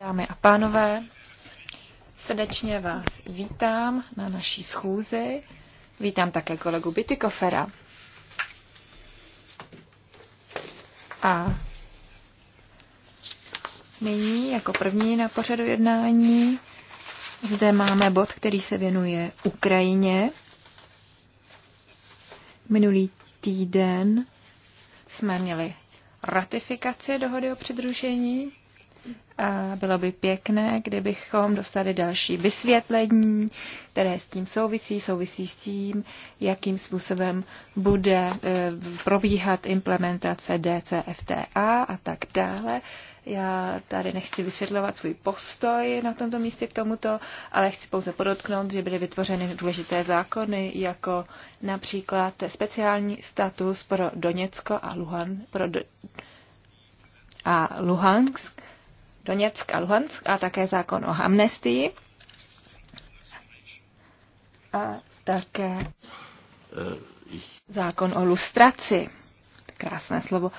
Dámy a pánové, srdečně vás vítám na naší schůzi. Vítám také kolegu Bitykofera. A nyní jako první na pořadu jednání zde máme bod, který se věnuje Ukrajině. Minulý týden jsme měli ratifikaci dohody o přidružení a bylo by pěkné, kdybychom dostali další vysvětlení, které s tím souvisí, souvisí s tím, jakým způsobem bude e, probíhat implementace DCFTA a tak dále. Já tady nechci vysvětlovat svůj postoj na tomto místě k tomuto, ale chci pouze podotknout, že byly vytvořeny důležité zákony, jako například speciální status pro Doněcko a, Luhan, pro Do- a Luhansk, Doněck a Luhansk a také zákon o amnestii a také zákon o lustraci. Krásné slovo.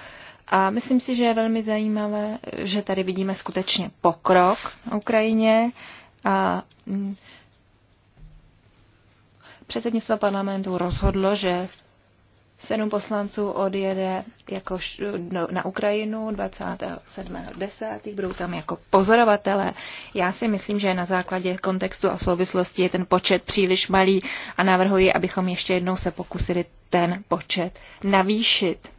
A myslím si, že je velmi zajímavé, že tady vidíme skutečně pokrok na Ukrajině a mm, předsednictvo parlamentu rozhodlo, že Sedm poslanců odjede jako no, na Ukrajinu 27.10. Budou tam jako pozorovatelé. Já si myslím, že na základě kontextu a souvislosti je ten počet příliš malý a navrhuji, abychom ještě jednou se pokusili ten počet navýšit.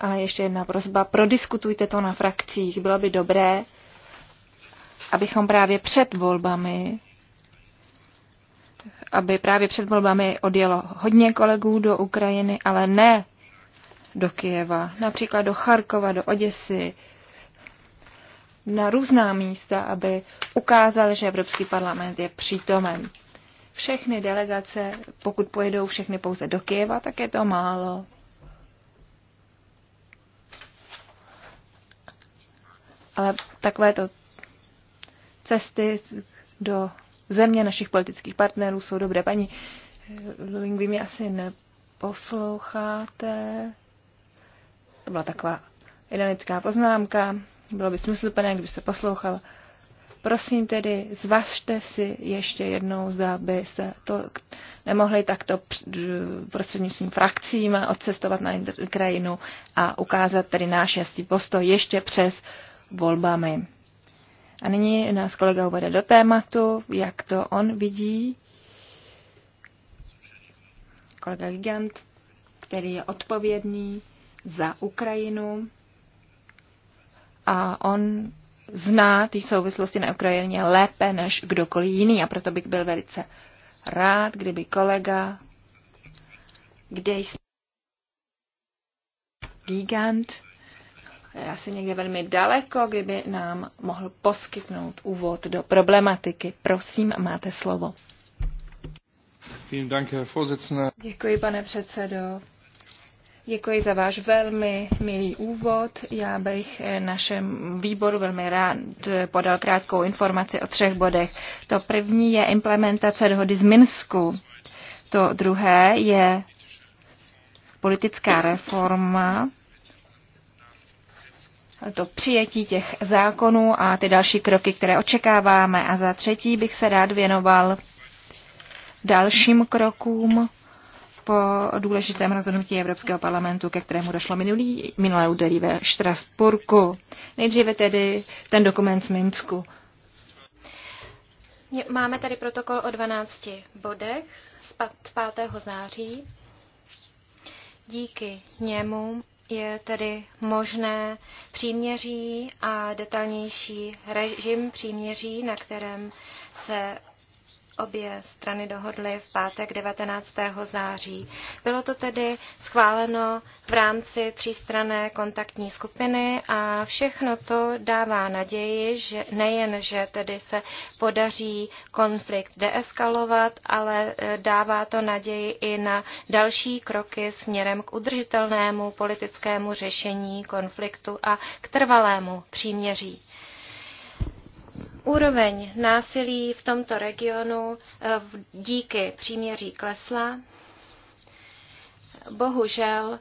A ještě jedna prozba, prodiskutujte to na frakcích. Bylo by dobré, abychom právě před volbami aby právě před volbami odjelo hodně kolegů do Ukrajiny, ale ne do Kijeva, například do Charkova, do Oděsy, na různá místa, aby ukázali, že Evropský parlament je přítomen. Všechny delegace, pokud pojedou všechny pouze do Kijeva, tak je to málo. Ale takové to cesty do země našich politických partnerů jsou dobré. Paní Luling, vy mě asi neposloucháte. To byla taková ironická poznámka. Bylo by smysluplné, kdybyste poslouchal. Prosím tedy, zvažte si ještě jednou, zda byste to nemohli takto prostřednictvím frakcím odcestovat na Ukrajinu a ukázat tedy náš jasný postoj ještě přes volbami. A nyní nás kolega uvede do tématu, jak to on vidí. Kolega Gigant, který je odpovědný za Ukrajinu a on zná ty souvislosti na Ukrajině lépe než kdokoliv jiný a proto bych byl velice rád, kdyby kolega, kde jsme gigant, Eh, asi někde velmi daleko, kdyby nám mohl poskytnout úvod do problematiky. Prosím, máte slovo. Děkuji, pane předsedo. Děkuji za váš velmi milý úvod. Já bych eh, našem výboru velmi rád eh, podal krátkou informaci o třech bodech. To první je implementace dohody z Minsku. To druhé je politická reforma to přijetí těch zákonů a ty další kroky, které očekáváme. A za třetí bych se rád věnoval dalším krokům po důležitém rozhodnutí Evropského parlamentu, ke kterému došlo minulý, minulé úterý ve Štrasburku. Nejdříve tedy ten dokument z Minsku. Máme tady protokol o 12 bodech z 5. září. Díky němu je tedy možné příměří a detailnější režim příměří, na kterém se obě strany dohodly v pátek 19. září. Bylo to tedy schváleno v rámci třístrané kontaktní skupiny a všechno to dává naději, že nejen, že tedy se podaří konflikt deeskalovat, ale eh, dává to naději i na další kroky směrem k udržitelnému politickému řešení konfliktu a k trvalému příměří. Úroveň násilí v tomto regionu eh, díky příměří klesla. Bohužel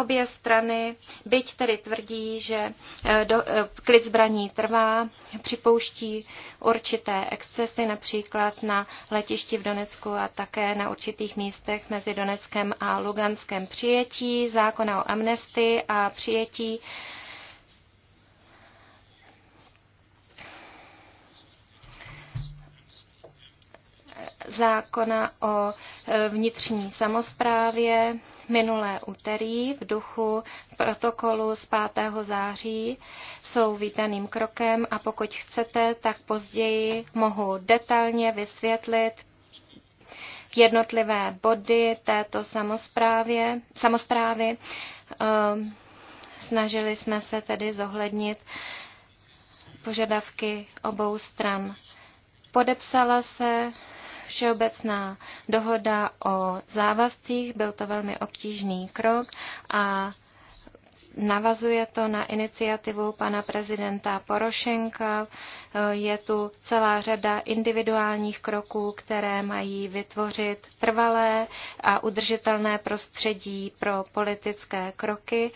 obě strany, byť tedy tvrdí, že eh, do, eh, klid zbraní trvá, připouští určité excesy, například na letišti v Donecku a také na určitých místech mezi Doneckem a Luganskem přijetí zákona o amnestii a přijetí uh, zákona o e, vnitřní samozprávě minulé úterý v duchu protokolu z 5. září jsou vítaným krokem a pokud chcete, tak později mohu detailně vysvětlit jednotlivé body této samozprávě, samozprávy. Ehm, snažili jsme se tedy zohlednit požadavky obou stran. Podepsala se všeobecná dohoda o závazcích. Byl to velmi obtížný krok a Navazuje to na iniciativu pana prezidenta Porošenka. Je tu celá řada individuálních kroků, které mají vytvořit trvalé a udržitelné prostředí pro politické kroky.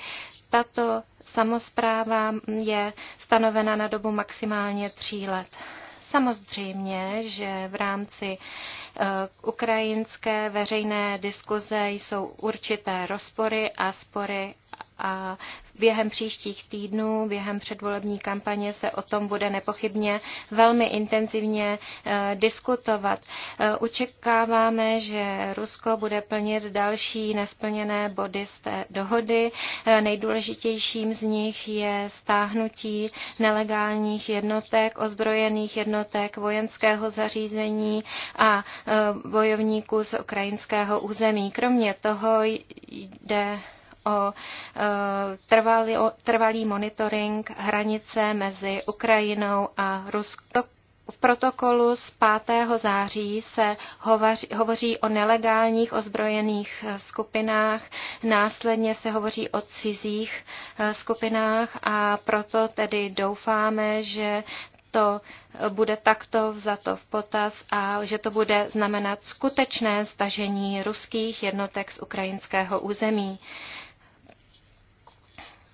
Tato samozpráva je stanovena na dobu maximálně tří let. Samozřejmě, že v rámci eh, ukrajinské veřejné diskuze jsou určité rozpory a spory a během příštích týdnů, během předvolební kampaně se o tom bude nepochybně velmi intenzivně eh, diskutovat. Učekáváme, eh, že Rusko bude plnit další nesplněné body z té dohody. Eh, nejdůležitějším z nich je stáhnutí nelegálních jednotek, ozbrojených jednotek, vojenského zařízení a bojovníků z ukrajinského území. Kromě toho jde o e, trvalý, trvalý monitoring hranice mezi Ukrajinou a Ruskou. V protokolu z 5. září se hovaři, hovoří o nelegálních ozbrojených e, skupinách, následně se hovoří o cizích e, skupinách a proto tedy doufáme, že to bude takto vzato v potaz a že to bude znamenat skutečné stažení ruských jednotek z ukrajinského území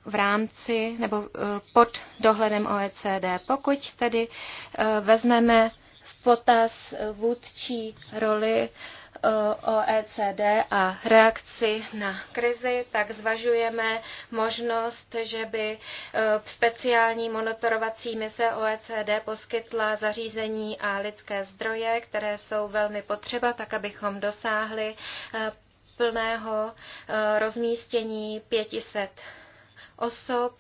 v rámci nebo eh, pod dohledem OECD. Pokud tedy eh, vezmeme v potaz eh, vůdčí roli OECD a reakci na krizi, tak zvažujeme možnost, že by speciální monitorovací mise OECD poskytla zařízení a lidské zdroje, které jsou velmi potřeba, tak abychom dosáhli plného rozmístění 500 osob,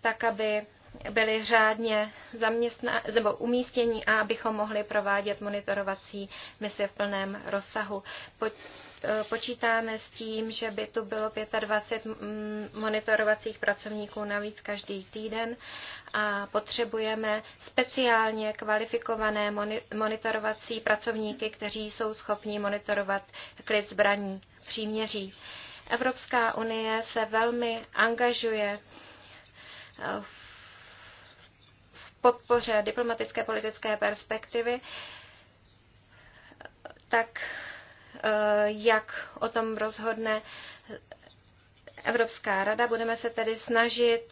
tak aby byli řádně zaměstná, nebo umístění a abychom mohli provádět monitorovací misi v plném rozsahu. Po, e, počítáme s tím, že by tu bylo 25 monitorovacích pracovníků navíc každý týden a potřebujeme speciálně kvalifikované monitorovací pracovníky, kteří jsou schopni monitorovat klid zbraní příměří. Evropská unie se velmi angažuje eh, v podpoře diplomatické politické perspektivy, tak eh, jak o tom rozhodne Evropská rada. Budeme se tedy snažit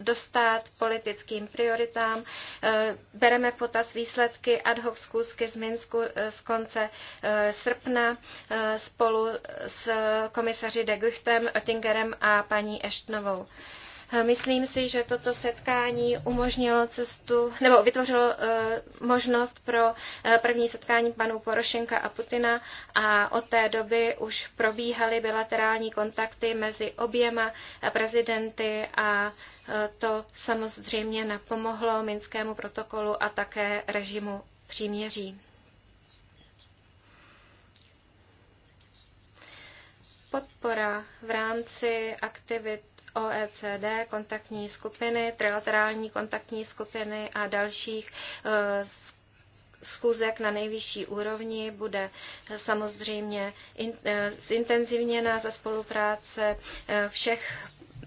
dostat politickým prioritám. Eh, bereme v potaz výsledky ad hoc zkusky z Minsku eh, z konce eh, srpna spolu s komisaři de Guchtem, Oettingerem a paní Eštnovou. Myslím si, že toto setkání umožnilo cestu, nebo vytvořilo eh, možnost pro eh, první setkání panů Porošenka a Putina a od té doby už probíhaly bilaterální kontakty mezi oběma eh, prezidenty a to samozřejmě napomohlo Minskému protokolu a také režimu příměří. podpora v rámci aktivit OECD, kontaktní skupiny, trilaterální kontaktní skupiny a dalších e, schůzek na nejvyšší úrovni bude samozřejmě e, zintenzivněna za spolupráce e, všech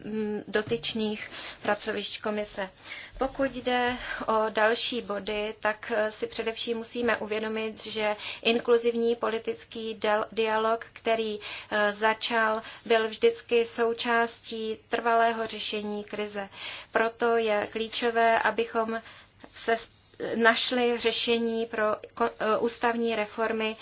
Mm, dotyčných pracovišť komise. Pokud jde o další body, tak eh, si především musíme uvědomit, že inkluzivní politický dialog, který eh, začal, byl vždycky součástí trvalého řešení krize. Proto je klíčové, abychom se našli řešení pro eh, ústavní reformy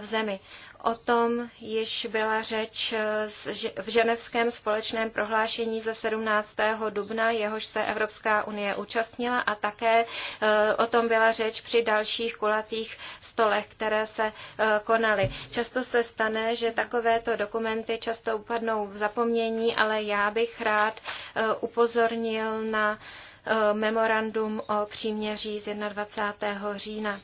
v zemi. O tom již byla řeč eh, v ženevském společném prohlášení ze 17. dubna, jehož se Evropská unie účastnila a také eh, o tom byla řeč při dalších kulatých stolech, které se eh, konaly. Často se stane, že takovéto dokumenty často upadnou v zapomnění, ale já bych rád upozornil na memorandum o příměří z 21. října.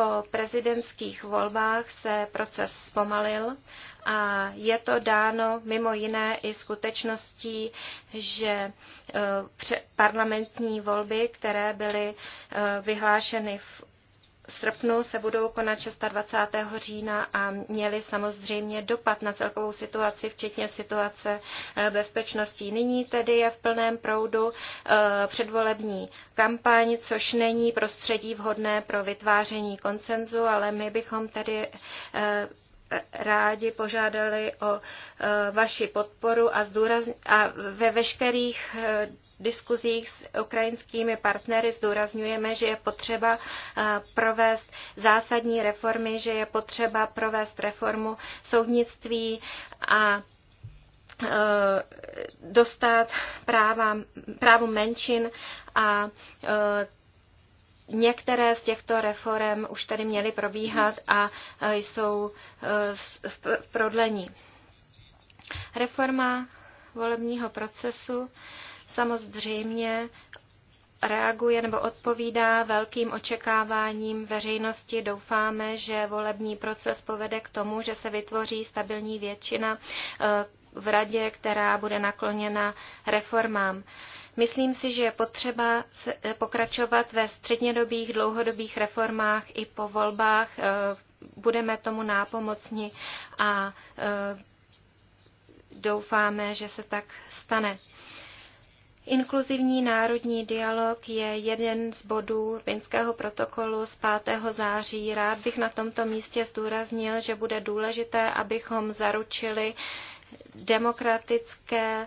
Po prezidentských volbách se proces zpomalil a je to dáno mimo jiné i skutečností, že e, parlamentní volby, které byly e, vyhlášeny v srpnu se budou konat 26. října a měly samozřejmě dopad na celkovou situaci, včetně situace eh, bezpečnosti. Nyní tedy je v plném proudu eh, předvolební kampaň, což není prostředí vhodné pro vytváření koncenzu, ale my bychom tedy eh, rádi požádali o e, vaši podporu a, zdůrazn- a ve veškerých e, diskuzích s ukrajinskými partnery zdůrazňujeme, že je potřeba e, provést zásadní reformy, že je potřeba provést reformu soudnictví a dostat práva, právu menšin a Některé z těchto reform už tady měly probíhat a e, jsou e, v prodlení. Reforma volebního procesu samozřejmě reaguje nebo odpovídá velkým očekáváním veřejnosti. Doufáme, že volební proces povede k tomu, že se vytvoří stabilní většina e, v radě, která bude nakloněna reformám. Myslím si, že je potřeba eh, pokračovat ve střednědobých, dlouhodobých reformách i po volbách. Eh, budeme tomu nápomocni a eh, doufáme, že se tak stane. Inkluzivní národní dialog je jeden z bodů Finského protokolu z 5. září. Rád bych na tomto místě zdůraznil, že bude důležité, abychom zaručili demokratické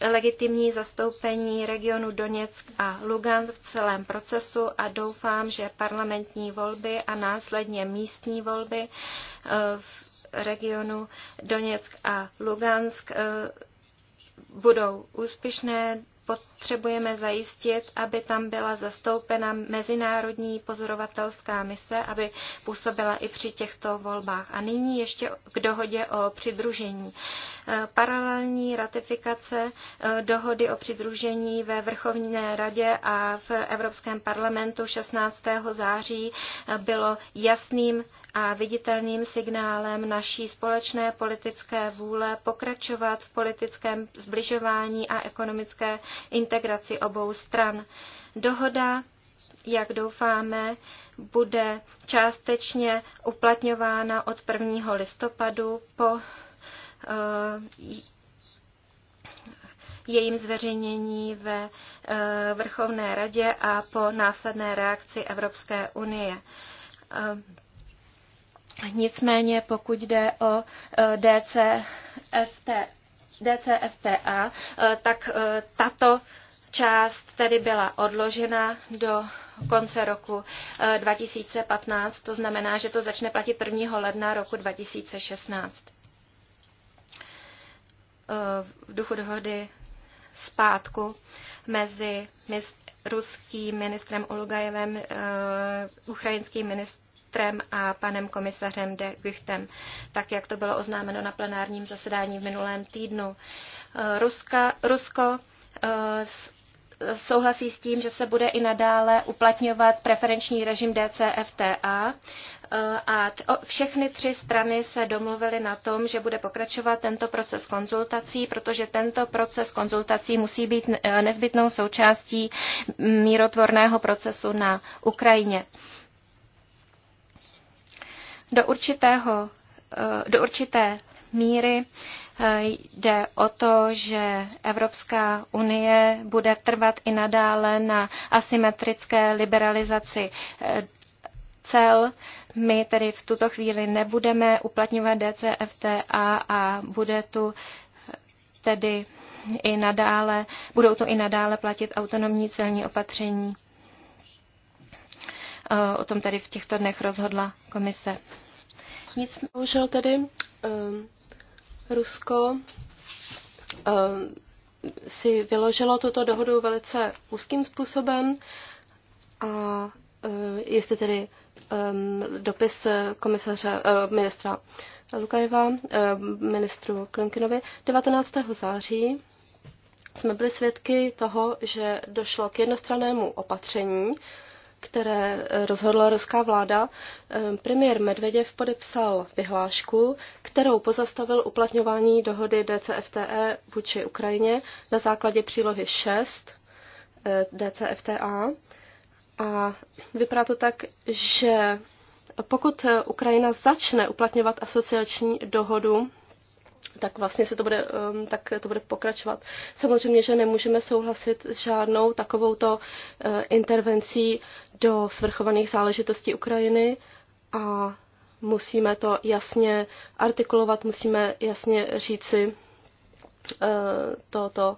legitimní zastoupení regionu Doněck a Lugan v celém procesu a doufám, že parlamentní volby a následně místní volby eh, v regionu Doněck a Lugansk eh, budou úspěšné potřebujeme zajistit, aby tam byla zastoupena mezinárodní pozorovatelská mise, aby působila i při těchto volbách. A nyní ještě k dohodě o přidružení. E, paralelní ratifikace e, dohody o přidružení ve Vrchovní radě a v Evropském parlamentu 16. září e, bylo jasným a viditelným signálem naší společné politické vůle pokračovat v politickém zbližování a ekonomické integraci obou stran. Dohoda, jak doufáme, bude částečně uplatňována od 1. listopadu po eh, jejím zveřejnění ve eh, Vrchovné radě a po následné reakci Evropské unie. Eh, Nicméně pokud jde o e, DCFT, DCFTA, e, tak e, tato část tedy byla odložena do konce roku 2015, to znamená, že to začne platit 1. ledna roku 2016. V duchu dohody zpátku mezi ruským ministrem Ulugajevem, ukrajinským ministrem ministrem a panem komisařem de Guchtem, tak jak to bylo oznámeno na plenárním zasedání v minulém týdnu. Eh, Ruska, Rusko eh, souhlasí s tím, že se bude i nadále uplatňovat preferenční režim DCFTA a eh, všechny tři strany se domluvily na tom, že bude pokračovat tento proces konzultací, protože tento proces konzultací musí být nezbytnou součástí mírotvorného procesu na Ukrajině. Do, určitého, eh, do určité míry eh, jde o to, že Evropská unie bude trvat i nadále na asymetrické liberalizaci eh, cel. My tedy v tuto chvíli nebudeme uplatňovat DCFTA a bude tu tedy i nadále, budou to i nadále platit autonomní celní opatření. Eh, o tom tedy v těchto dnech rozhodla komise. Nic bohužel tedy um, Rusko um, si vyložilo tuto dohodu velice úzkým způsobem a eh, jestli tedy um, dopis komisaře, uh, ministra Lukajeva, uh, ministru Klinkinovi, 19. září jsme byli svědky toho, že došlo k jednostrannému opatření které eh, rozhodla ruská vláda, eh, premiér Medveděv podepsal vyhlášku, kterou pozastavil uplatňování dohody DCFTE vůči Ukrajině na základě přílohy 6 eh, DCFTA. A vypadá to tak, že pokud Ukrajina začne uplatňovat asociační dohodu tak vlastně se to bude, um, tak to bude pokračovat. Samozřejmě, že nemůžeme souhlasit s žádnou takovouto eh, intervencí do svrchovaných záležitostí Ukrajiny a musíme to jasně artikulovat, musíme jasně říci eh, toto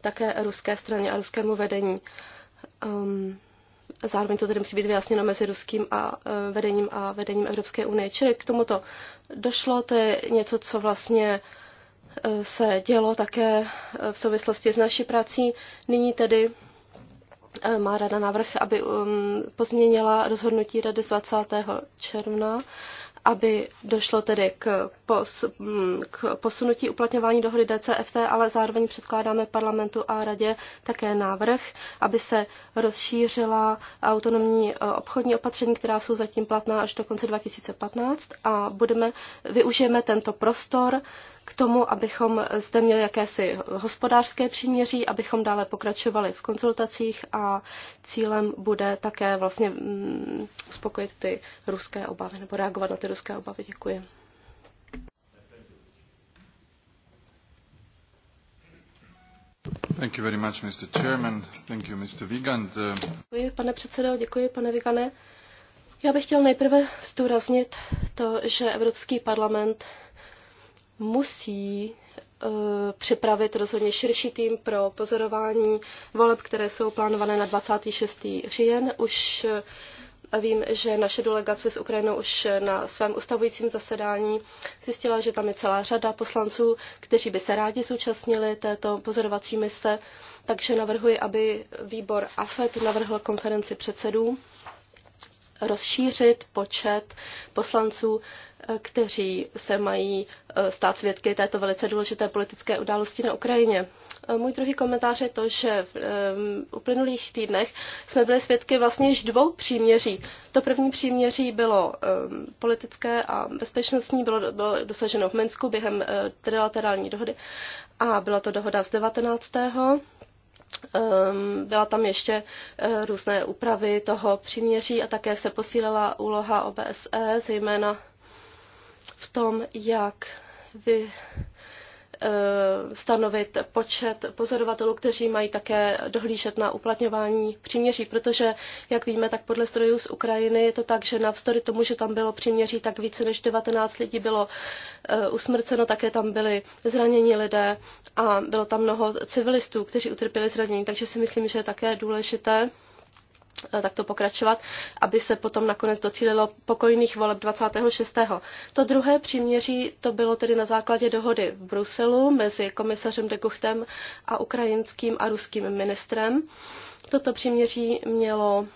také ruské straně a ruskému vedení. Um, Zároveň to tedy musí být vyjasněno mezi ruským a e, vedením a vedením Evropské unie. Čili k tomuto došlo, to je něco, co vlastně e, se dělo také e, v souvislosti s naší prací. Nyní tedy má rada návrh, aby um, pozměnila rozhodnutí rady z 20. června aby došlo tedy k, pos, k posunutí uplatňování dohody DCFT, ale zároveň předkládáme parlamentu a radě také návrh, aby se rozšířila autonomní e, obchodní opatření, která jsou zatím platná až do konce 2015 a budeme, využijeme tento prostor k tomu, abychom zde měli jakési hospodářské příměří, abychom dále pokračovali v konzultacích a cílem bude také vlastně mm, uspokojit ty ruské obavy nebo reagovat na ty ruské obavy. Děkuji. Thank you very much, Mr. Chairman. Thank you, Mr. Vigand. Děkuji, pane předsedo, děkuji, pane Vigane. Já bych chtěl nejprve zdůraznit to, že Evropský parlament musí eh, připravit rozhodně širší tým pro pozorování voleb, které jsou plánované na 26. říjen. Už eh, vím, že naše delegace s Ukrajinou už na svém ustavujícím zasedání zjistila, že tam je celá řada poslanců, kteří by se rádi zúčastnili této pozorovací mise, takže navrhuji, aby výbor AFET navrhl konferenci předsedů rozšířit počet poslanců, eh, kteří se mají eh, stát svědky této velice důležité politické události na Ukrajině. Eh, můj druhý komentář je to, že v uplynulých týdnech jsme byli svědky vlastně již dvou příměří. To první příměří bylo politické a bezpečnostní, bylo, bylo dosaženo v Minsku během trilaterální dohody a byla to dohoda z 19. Ehm, byla tam ještě eh, různé úpravy toho příměří a také se posílila úloha OBSE, zejména v tom, jak vy, Eh, stanovit počet pozorovatelů, kteří mají také dohlížet na uplatňování příměří, protože, jak víme, tak podle strojů z Ukrajiny je to tak, že navzdory tomu, že tam bylo příměří, tak více než 19 lidí bylo eh, usmrceno, také tam byli zranění lidé a bylo tam mnoho civilistů, kteří utrpěli zranění, takže si myslím, že je také důležité Eh, takto pokračovat, aby se potom nakonec docílilo pokojných voleb 26. To druhé příměří to bylo tedy na základě dohody v Bruselu mezi komisařem de Guchtem a ukrajinským a ruským ministrem. Toto příměří mělo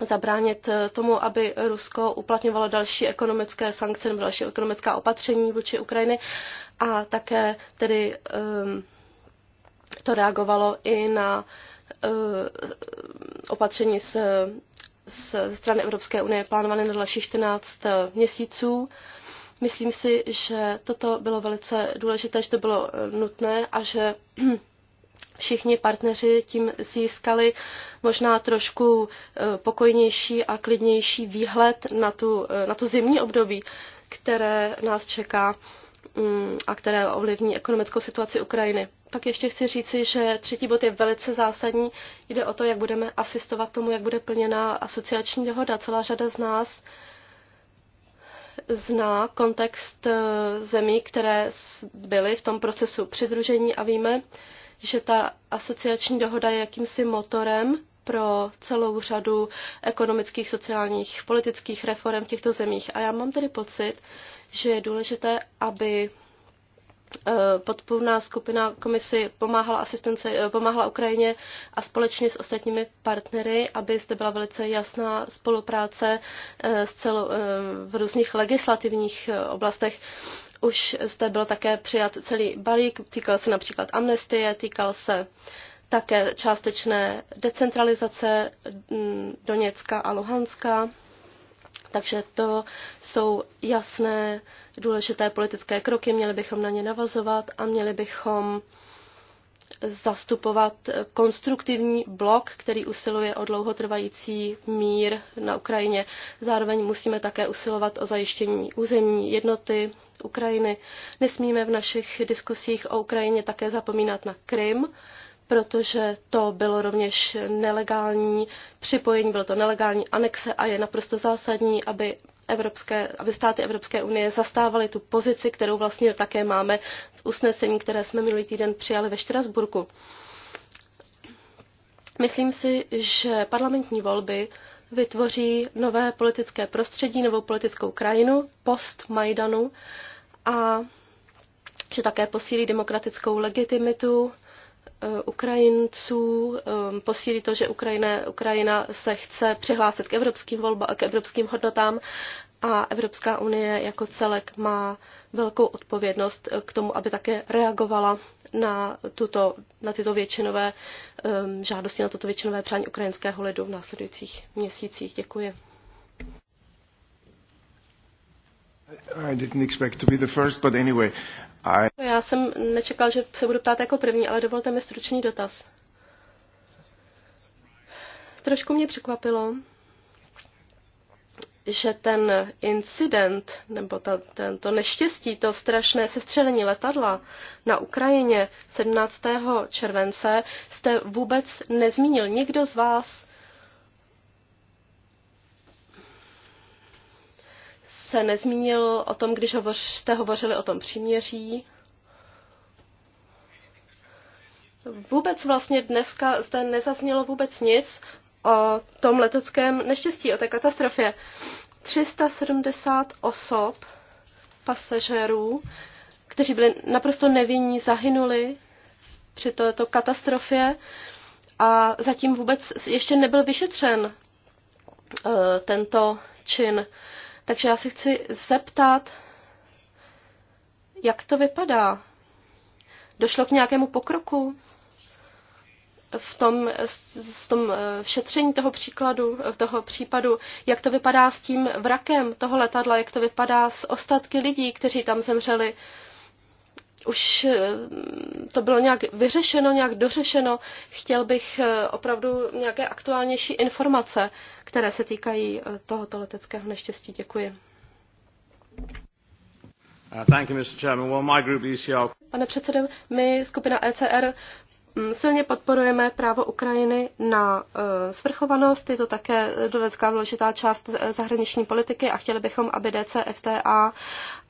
zabránit eh, tomu, aby Rusko uplatňovalo další ekonomické sankce nebo další ekonomická opatření vůči Ukrajiny a také tedy um, to reagovalo i na uh, Eh, opatření z, z strany Evropské unie plánované na další 14 eh, měsíců. Myslím si, že toto bylo velice důležité, že to bylo eh, nutné a že všichni partneři tím získali možná trošku pokojnější a klidnější výhled na, tu, na tu zimní období, které nás čeká Mm, a které ovlivní ekonomickou situaci Ukrajiny. Pak ještě chci říci, že třetí bod je velice zásadní. Jde o to, jak budeme asistovat tomu, jak bude plněna asociační dohoda. Celá řada z nás zná kontext eh, zemí, které byly v tom procesu přidružení a víme, že ta asociační dohoda je jakýmsi motorem pro celou řadu ekonomických, sociálních, politických reform v těchto zemích. A já mám tedy pocit, že je důležité, aby eh, podpůrná skupina komisi pomáhala, asistence, eh, pomáhala Ukrajině a společně s ostatními partnery, aby zde byla velice jasná spolupráce eh, s celou, v různých legislativních oblastech. Už zde byl také přijat celý balík, týkal se například amnestie, týkal se uh, také částečné decentralizace mm, Doněcka a Luhanska. Takže to jsou jasné, důležité politické kroky, měli bychom na ně navazovat a měli bychom zastupovat konstruktivní blok, který usiluje o dlouhotrvající mír na Ukrajině. Zároveň musíme také usilovat o zajištění územní jednoty Ukrajiny. Nesmíme v našich diskusích o Ukrajině také zapomínat na Krym protože to bylo rovněž nelegální připojení, bylo to nelegální anexe a je naprosto zásadní, aby, Evropské, aby státy Evropské unie zastávaly tu pozici, kterou vlastně také máme v usnesení, které jsme minulý týden přijali ve Štrasburku. Myslím si, že parlamentní volby vytvoří nové politické prostředí, novou politickou krajinu post Majdanu a že také posílí demokratickou legitimitu Eh, Ukrajinců eh, posílí to, že Ukrajina, Ukrajina se chce přihlásit k evropským volbám, k evropským hodnotám a Evropská unie jako celek má velkou odpovědnost eh, k tomu, aby také reagovala na, tuto, na tyto většinové žádosti, na toto většinové přání ukrajinského lidu v následujících měsících. Děkuji. I didn't expect to be the first, but anyway, I... No, já jsem nečekal, že se budu ptát jako první, ale dovolte mi stručný dotaz. Trošku mě překvapilo, že ten incident, nebo ta, ten, to neštěstí, to strašné sestřelení letadla na Ukrajině 17. července jste vůbec nezmínil. Nikdo z vás se nezmínil o tom, když hovoř, jste hovořili o tom příměří. Vůbec vlastně dneska zde nezaznělo vůbec nic o tom leteckém neštěstí, o té katastrofě. 370 osob, pasažérů, kteří byli naprosto nevinní, zahynuli při této katastrofě a zatím vůbec ještě nebyl vyšetřen eh, tento čin. Takže já se chci zeptat, jak to vypadá? Došlo k nějakému pokroku v tom, v tom eh, šetření toho příkladu, eh, toho případu, jak to vypadá s tím vrakem toho letadla, jak to vypadá s ostatky lidí, kteří tam zemřeli? už eh, to bylo nějak vyřešeno, nějak dořešeno. Chtěl bych eh, opravdu nějaké aktuálnější informace, které se týkají eh, tohoto leteckého neštěstí. Děkuji. Pane předsedo, my, skupina ECR, mm, silně podporujeme právo Ukrajiny na svrchovanost. Je to také docela důležitá část zahraniční politiky a chtěli bychom, aby DCFTA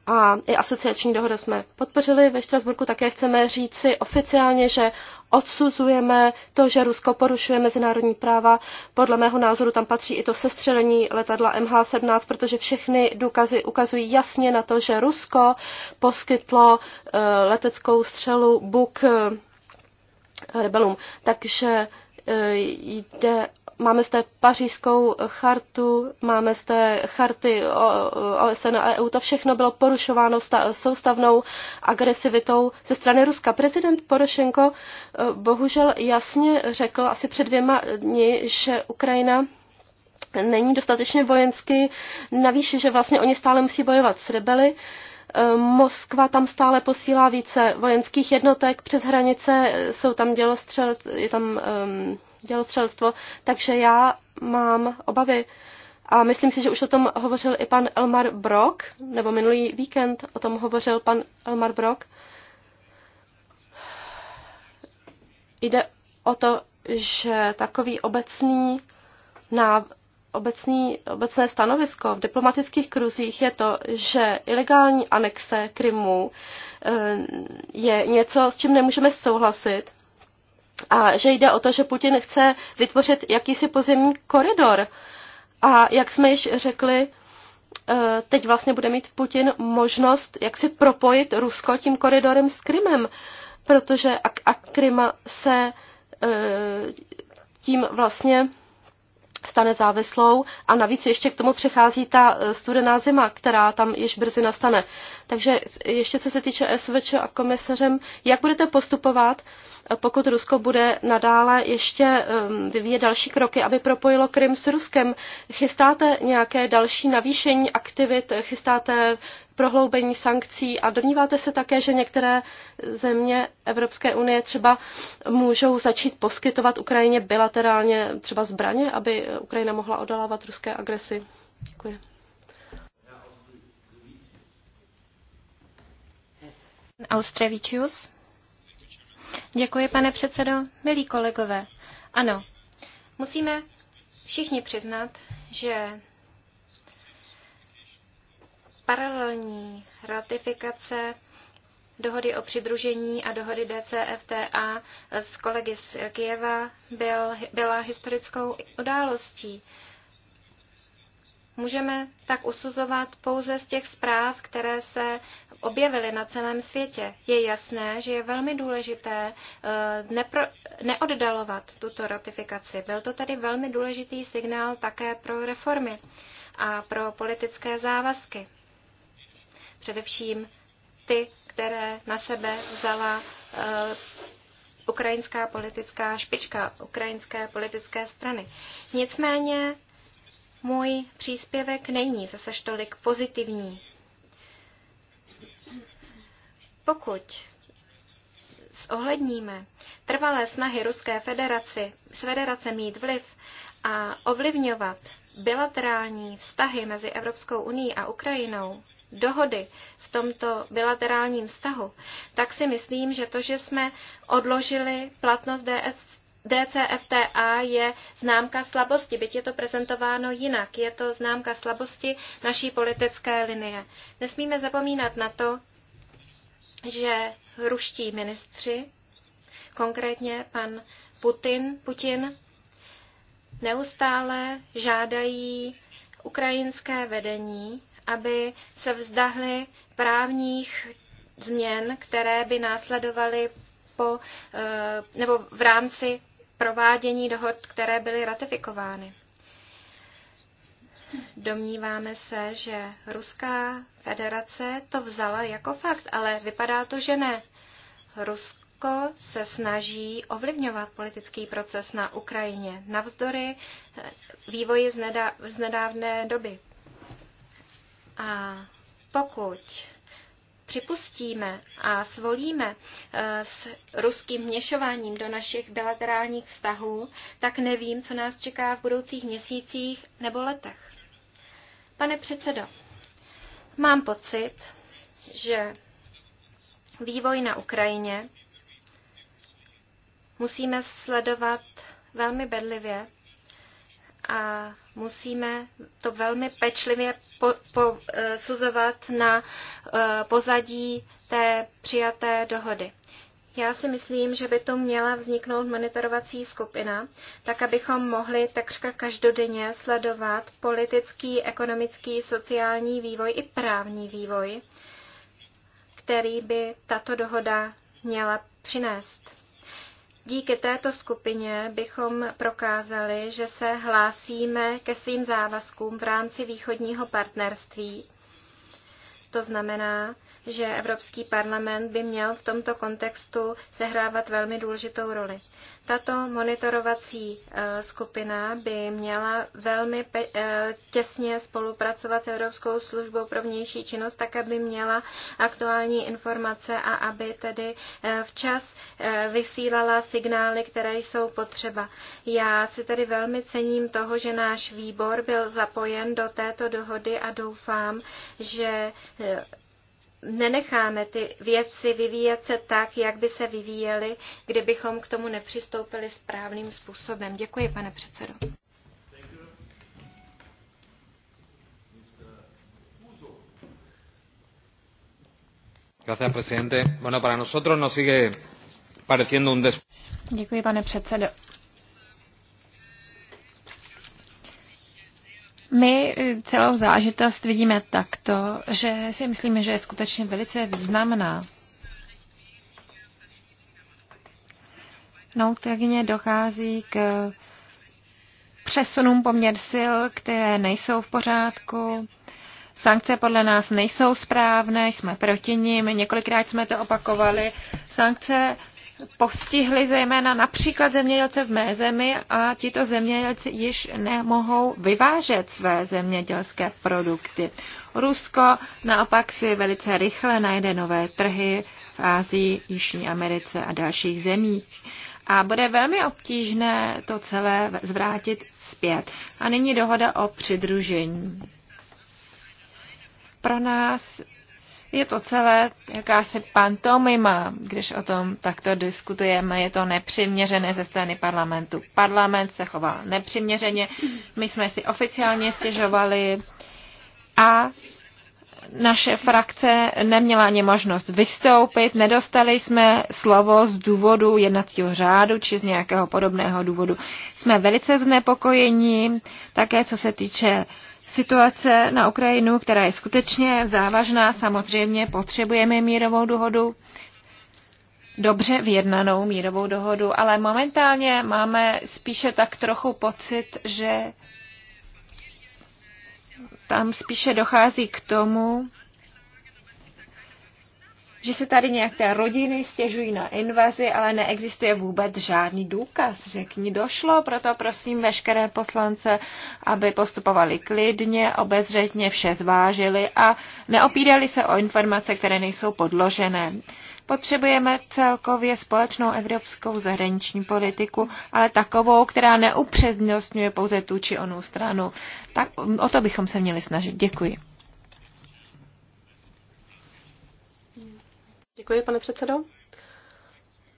a i asociační dohodu jsme podpořili ve Štrasburku. Také chceme říci oficiálně, že odsuzujeme to, že Rusko porušuje mezinárodní práva. Podle mého názoru tam patří i to sestřelení letadla MH17, protože všechny důkazy ukazují jasně na to, že Rusko poskytlo eh, leteckou střelu Buk eh, rebelům. Takže Eh, jde máme zde pařížskou chartu, máme zde charty OSN a EU, to všechno bylo porušováno soustavnou agresivitou ze strany Ruska. Prezident Porošenko eh, bohužel jasně řekl asi před dvěma dny, že Ukrajina není dostatečně vojensky navýše, že vlastně oni stále musí bojovat s rebely. Uh, Moskva tam stále posílá více vojenských jednotek přes hranice, jsou tam dělostřel, je tam um, dělostřelstvo, takže já mám obavy. A myslím si, že už o tom hovořil i pan Elmar Brock, nebo minulý víkend o tom hovořil pan Elmar Brock. Jde o to, že takový obecný náv- obecní, obecné stanovisko v diplomatických kruzích je to, že ilegální anexe Krymu eh, je něco, s čím nemůžeme souhlasit a že jde o to, že Putin chce vytvořit jakýsi pozemní koridor. A jak jsme již řekli, eh, teď vlastně bude mít Putin možnost, jak si propojit Rusko tím koridorem s Krymem, protože a, a Krym se eh, tím vlastně stane závislou a navíc ještě k tomu přechází ta eh, studená zima, která tam již brzy nastane. Takže ještě co se týče SVČ a komisařem, jak budete postupovat, pokud Rusko bude nadále ještě um, vyvíjet další kroky, aby propojilo Krym s Ruskem? Chystáte nějaké další navýšení aktivit? Chystáte prohloubení sankcí a domníváte se také, že některé země Evropské unie třeba můžou začít poskytovat Ukrajině bilaterálně třeba zbraně, aby Ukrajina mohla odolávat ruské agresi? Děkuji. Austrevičius. Děkuji, pane předsedo. Milí kolegové, ano, musíme všichni přiznat, že paralelní ratifikace dohody o přidružení a dohody DCFTA s kolegy z Kijeva byl, byla historickou událostí můžeme tak usuzovat pouze z těch zpráv, které se objevily na celém světě. Je jasné, že je velmi důležité eh, nepro, neoddalovat tuto ratifikaci. Byl to tedy velmi důležitý signál také pro reformy a pro politické závazky. Především ty, které na sebe vzala eh, ukrajinská politická špička, ukrajinské politické strany. Nicméně můj příspěvek není zase tolik pozitivní. Pokud zohledníme trvalé snahy Ruské federaci, s federace mít vliv a ovlivňovat bilaterální vztahy mezi Evropskou unii a Ukrajinou, dohody v tomto bilaterálním vztahu, tak si myslím, že to, že jsme odložili platnost DS DCFTA je známka slabosti, byť je to prezentováno jinak. Je to známka slabosti naší politické linie. Nesmíme zapomínat na to, že ruští ministři, konkrétně pan Putin, Putin neustále žádají ukrajinské vedení, aby se vzdahli právních změn, které by následovaly po, eh, nebo v rámci provádění dohod, které byly ratifikovány. Domníváme se, že Ruská federace to vzala jako fakt, ale vypadá to, že ne. Rusko se snaží ovlivňovat politický proces na Ukrajině navzdory eh, vývoji z, z nedávné doby. A pokud připustíme a svolíme eh, s ruským měšováním do našich bilaterálních vztahů, tak nevím, co nás čeká v budoucích měsících nebo letech. Pane předsedo, mám pocit, že vývoj na Ukrajině musíme sledovat velmi bedlivě a musíme to velmi pečlivě posuzovat eh, na eh, pozadí té přijaté dohody. Já si myslím, že by to měla vzniknout monitorovací skupina, tak abychom mohli takřka každodenně sledovat politický, ekonomický, sociální vývoj i právní vývoj, který by tato dohoda měla přinést. Díky této skupině bychom prokázali, že se hlásíme ke svým závazkům v rámci východního partnerství. To znamená, že Evropský parlament by měl v tomto kontextu sehrávat velmi důležitou roli. Tato monitorovací e, skupina by měla velmi e, těsně spolupracovat s Evropskou službou pro vnější činnost, tak aby měla aktuální informace a aby tedy e, včas vysílala signály, které jsou potřeba. Já si tedy velmi cením toho, že náš výbor byl zapojen do této dohody a doufám, že nenecháme ty věci vyvíjet se tak, jak by se vyvíjely, kdybychom k tomu nepřistoupili správným způsobem. Děkuji, pane předsedo. Gracias, presidente. Bueno, para nosotros nos sigue pareciendo un Děkuji, pane předsedo. My celou zážitost vidíme takto, že si myslíme, že je skutečně velice významná. No, kolegyně dochází k přesunům poměr sil, které nejsou v pořádku. Sankce podle nás nejsou správné, jsme proti nim, několikrát jsme to opakovali. Sankce postihly zejména například zemědělce v mé zemi a tito zemědělci již nemohou vyvážet své zemědělské produkty. Rusko naopak si velice rychle najde nové trhy v Ázii, Jižní Americe a dalších zemích. A bude velmi obtížné to celé zvrátit zpět. A nyní dohoda o přidružení. Pro nás je to celé jakási pantomima, když o tom takto diskutujeme. Je to nepřiměřené ze strany parlamentu. Parlament se choval nepřiměřeně. My jsme si oficiálně stěžovali a naše frakce neměla ani možnost vystoupit, nedostali jsme slovo z důvodu jednacího řádu či z nějakého podobného důvodu. Jsme velice znepokojeni, také co se týče situace na Ukrajinu, která je skutečně závažná. Samozřejmě potřebujeme mírovou dohodu, dobře vyjednanou mírovou dohodu, ale momentálně máme spíše tak trochu pocit, že tam spíše dochází k tomu, že se tady nějaké rodiny stěžují na invazi, ale neexistuje vůbec žádný důkaz, že k ní došlo, proto prosím veškeré poslance, aby postupovali klidně, obezřetně vše zvážili a neopírali se o informace, které nejsou podložené. Potřebujeme celkově společnou evropskou zahraniční politiku, ale takovou, která neupřednostňuje pouze tu či onou stranu. Tak o to bychom se měli snažit. Děkuji. Děkuji, pane předsedo.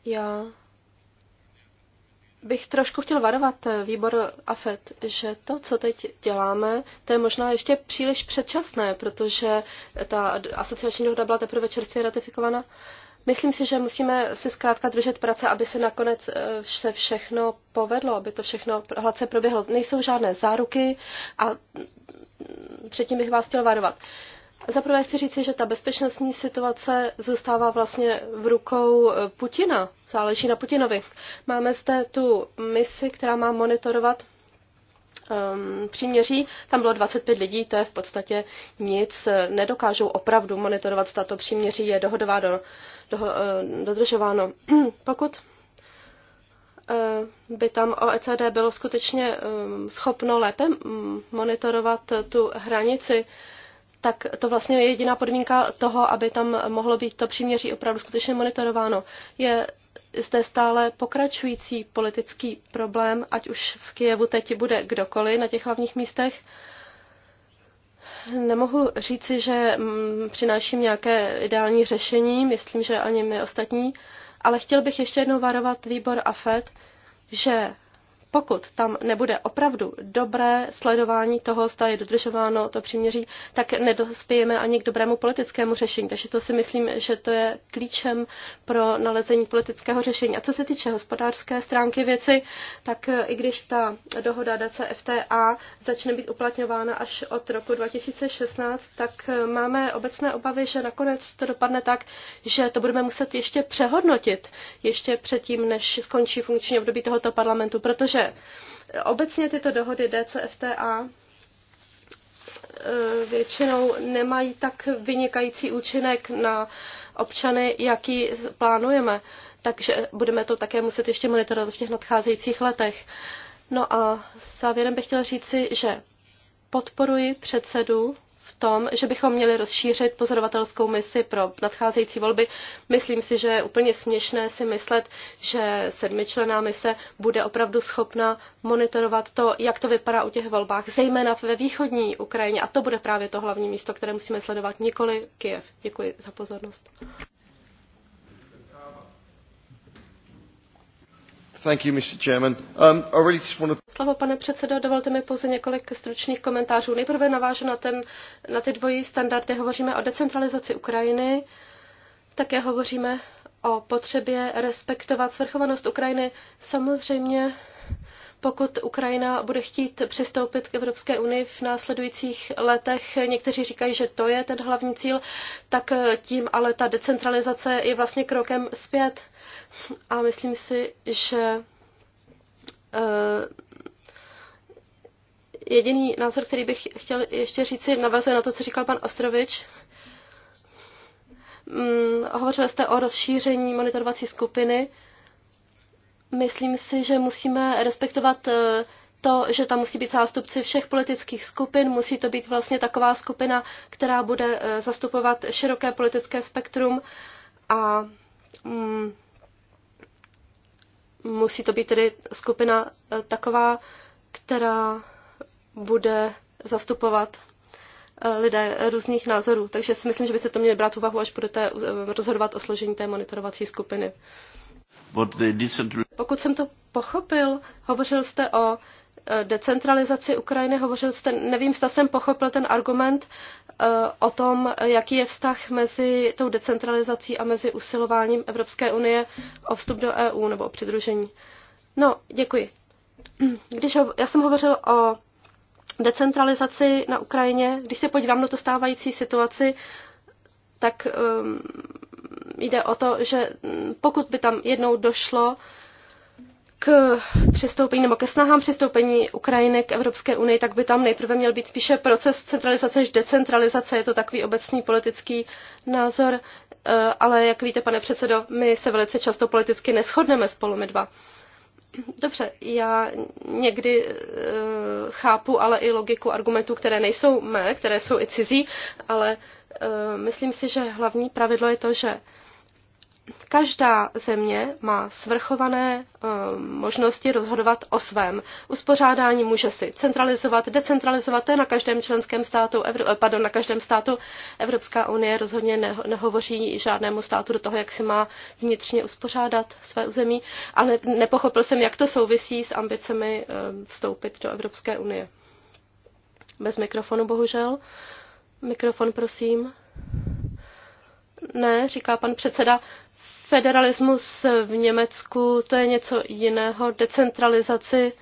Já bych trošku chtěl varovat výbor AFET, že to, co teď děláme, to je možná ještě příliš předčasné, protože ta asociační dohoda byla teprve čerstvě ratifikovaná. Myslím si, že musíme si zkrátka držet práce, aby se nakonec eh, se všechno povedlo, aby to všechno hladce proběhlo. Nejsou žádné záruky a předtím bych vás chtěl varovat. Za prvé chci říci, že ta bezpečnostní situace zůstává vlastně v rukou eh, Putina, záleží na Putinovi. Máme zde tu misi, která má monitorovat um, příměří. Tam bylo 25 lidí, to je v podstatě nic. Nedokážou opravdu monitorovat, tato příměří je dohodová do, do, eh, dodržováno. Pokud eh, by tam OECD bylo skutečně ehm, schopno lépe mm, monitorovat tu hranici, tak to vlastně je jediná podmínka toho, aby tam mohlo být to příměří opravdu skutečně monitorováno. Je zde stále pokračující politický problém, ať už v Kijevu teď bude kdokoliv na těch hlavních místech. Nemohu říci, že mm, přináším nějaké ideální řešení, myslím, že ani my ostatní, ale chtěl bych ještě jednou varovat výbor AFED, že pokud tam nebude opravdu dobré sledování toho, zda je dodržováno to příměří, tak nedospějeme ani k dobrému politickému řešení. Takže to si myslím, že to je klíčem pro nalezení politického řešení. A co se týče hospodářské stránky věci, tak i když ta dohoda DCFTA začne být uplatňována až od roku 2016, tak máme obecné obavy, že nakonec to dopadne tak, že to budeme muset ještě přehodnotit, ještě předtím, než skončí funkční období tohoto parlamentu, protože obecně tyto dohody DCFTA e, většinou nemají tak vynikající účinek na občany, jaký plánujeme. Takže budeme to také muset ještě monitorovat v těch nadcházejících letech. No a závěrem bych chtěla říci, že podporuji předsedu v tom, že bychom měli rozšířit pozorovatelskou misi pro nadcházející volby. Myslím si, že je úplně směšné si myslet, že sedmičlená mise bude opravdu schopna monitorovat to, jak to vypadá u těch volbách, zejména ve východní Ukrajině. A to bude právě to hlavní místo, které musíme sledovat, nikoli Kyjev. Děkuji za pozornost. Um, Slovo, pane předsedo, dovolte mi pouze několik stručných komentářů. Nejprve navážu na, ten, na ty dvojí standardy. Hovoříme o decentralizaci Ukrajiny, také hovoříme o potřebě respektovat svrchovanost Ukrajiny. Samozřejmě pokud Ukrajina bude chtít přistoupit k Evropské unii v následujících letech, někteří říkají, že to je ten hlavní cíl, tak tím ale ta decentralizace je vlastně krokem zpět. A myslím si, že eh, jediný názor, který bych chtěl ještě říci, navazuje na to, co říkal pan Ostrovič. Mm, hovořil hovořili jste o rozšíření monitorovací skupiny. Myslím si, že musíme respektovat eh, to, že tam musí být zástupci všech politických skupin, musí to být vlastně taková skupina, která bude eh, zastupovat široké politické spektrum a mm, musí to být tedy skupina eh, taková, která bude zastupovat lidé různých názorů. Takže si myslím, že byste to měli brát v úvahu, až budete rozhodovat o složení té monitorovací skupiny. Pokud jsem to pochopil, hovořil jste o e, decentralizaci Ukrajiny, hovořil jste, nevím, zda jsem pochopil ten argument e, o tom, jaký je vztah mezi tou decentralizací a mezi usilováním Evropské unie o vstup do EU nebo o přidružení. No, děkuji. Když ho, já jsem hovořil o decentralizaci na Ukrajině, když se podívám na to stávající situaci, tak um, jde o to, že pokud by tam jednou došlo k přistoupení nebo ke snahám přistoupení Ukrajiny k Evropské unii, tak by tam nejprve měl být spíše proces centralizace než decentralizace. Je to takový obecný politický názor, eh, ale jak víte, pane předsedo, my se velice často politicky neschodneme spolu my dva. Dobře, já někdy uh, chápu ale i logiku argumentů, které nejsou mé, které jsou i cizí, ale uh, myslím si, že hlavní pravidlo je to, že každá země má svrchované eh, možnosti rozhodovat o svém. Uspořádání může si centralizovat, decentralizovat, to je na každém členském státu, eh, pardon, na každém státu. Evropská unie rozhodně neho, nehovoří žádnému státu do toho, jak si má vnitřně uspořádat své území, ale nepochopil jsem, jak to souvisí s ambicemi eh, vstoupit do Evropské unie. Bez mikrofonu, bohužel. Mikrofon, prosím. Ne, říká pan předseda, Federalismus v Německu to je něco jiného. Decentralizaci,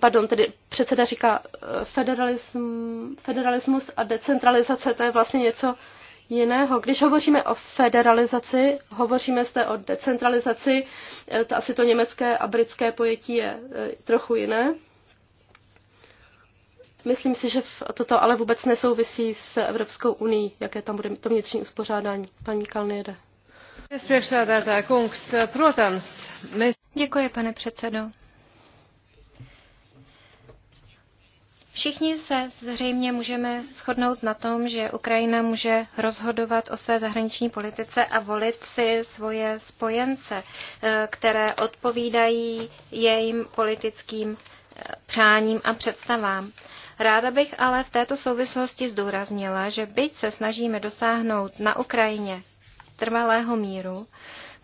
pardon, tedy předseda říká eh, federalism, federalismus a decentralizace, to je vlastně něco jiného. Když hovoříme o federalizaci, hovoříme zde o decentralizaci, eh, to asi to německé a britské pojetí je eh, trochu jiné. Myslím si, že toto ale vůbec nesouvisí s Evropskou unii, jaké tam bude to vnitřní uspořádání. Paní Kalniede. Děkuji, pane předsedo. Všichni se zřejmě můžeme shodnout na tom, že Ukrajina může rozhodovat o své zahraniční politice a volit si svoje spojence, eh, které odpovídají jejím politickým eh, přáním a představám. Ráda bych ale v této souvislosti zdůraznila, že byť se snažíme dosáhnout na Ukrajině trvalého míru,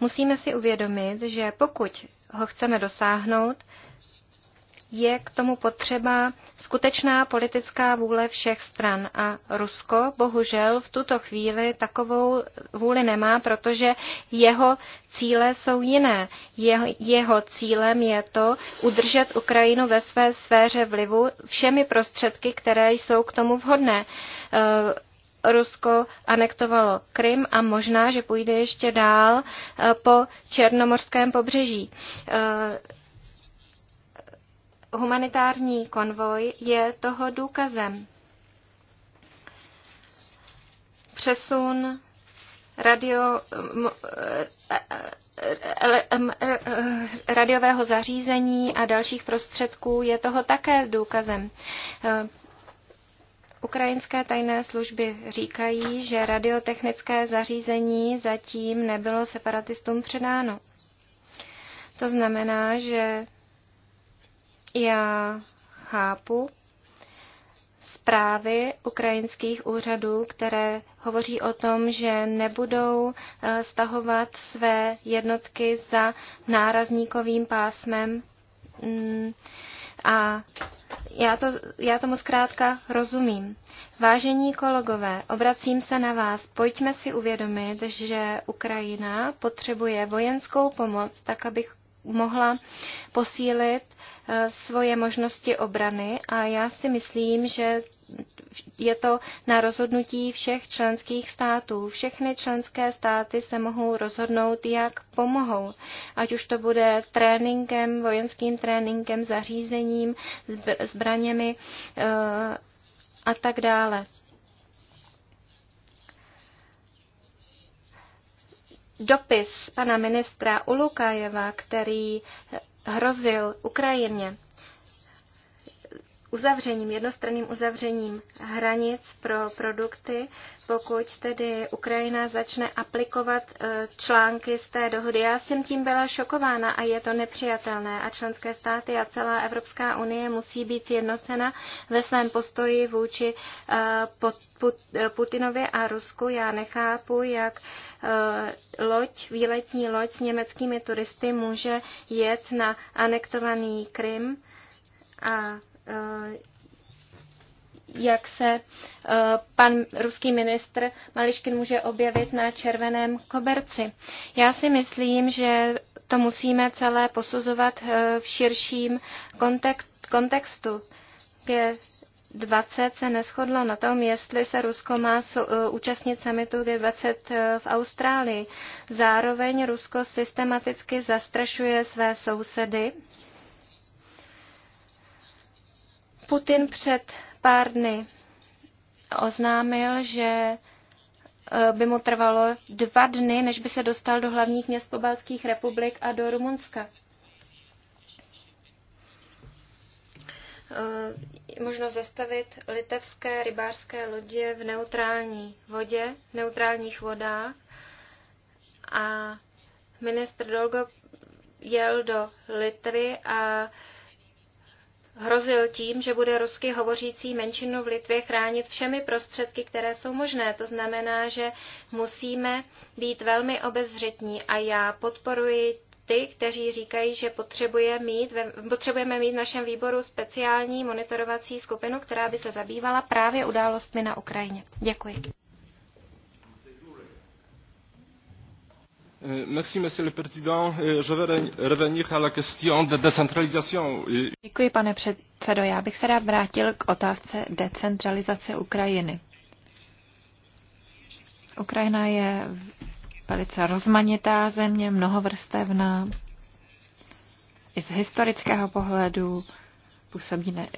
musíme si uvědomit, že pokud ho chceme dosáhnout, je k tomu potřeba skutečná politická vůle všech stran. A Rusko bohužel v tuto chvíli takovou vůli nemá, protože jeho cíle jsou jiné. Jeho, jeho cílem je to udržet Ukrajinu ve své sféře vlivu všemi prostředky, které jsou k tomu vhodné. Eh, Rusko anektovalo Krym a možná, že půjde ještě dál eh, po černomorském pobřeží. Eh, humanitární konvoj je toho důkazem. Přesun radio, eh, radiového zařízení a dalších prostředků je toho také důkazem. Ukrajinské tajné služby říkají, že radiotechnické zařízení zatím nebylo separatistům předáno. To znamená, že já chápu zprávy ukrajinských úřadů, které hovoří o tom, že nebudou eh, stahovat své jednotky za nárazníkovým pásmem mm, a já, to, já tomu zkrátka rozumím. Vážení kolegové, obracím se na vás. Pojďme si uvědomit, že Ukrajina potřebuje vojenskou pomoc, tak abych mohla posílit eh, svoje možnosti obrany a já si myslím, že je to na rozhodnutí všech členských států. Všechny členské státy se mohou rozhodnout, jak pomohou. Ať už to bude tréninkem, vojenským tréninkem, zařízením, zbraněmi eh, a tak dále. Dopis pana ministra Ulukajeva, který hrozil Ukrajině, uzavřením, jednostranným uzavřením hranic pro produkty, pokud tedy Ukrajina začne aplikovat e, články z té dohody. Já jsem tím byla šokována a je to nepřijatelné a členské státy a celá Evropská unie musí být sjednocena ve svém postoji vůči e, e, Putinovi a Rusku. Já nechápu, jak loď, výletní loď s německými turisty může jet na anektovaný Krym a Eh, jak se eh, pan ruský ministr Mališkin může objevit na červeném koberci. Já si myslím, že to musíme celé posuzovat eh, v širším kontextu. G20 se neschodlo na tom, jestli se Rusko má účastnit samitu G20 v Austrálii. Zároveň Rusko systematicky zastrašuje své sousedy Putin před pár dny oznámil, že e, by mu trvalo dva dny, než by se dostal do hlavních měst pobaltských republik a do Rumunska. E, možno zastavit litevské rybářské lodě v neutrální vodě, v neutrálních vodách. A ministr Dolgo jel do Litvy a hrozil tím, že bude rusky hovořící menšinu v Litvě chránit všemi prostředky, které jsou možné. To znamená, že musíme být velmi obezřetní a já podporuji ty, kteří říkají, že potřebuje mít, potřebujeme mít v našem výboru speciální monitorovací skupinu, která by se zabývala právě událostmi na Ukrajině. Děkuji. Euh, euh, Děkuji, pane předsedo. Já bych se rád vrátil k otázce decentralizace Ukrajiny. Ukrajina je velice rozmanitá země, mnohovrstevná. I z historického pohledu působí ne,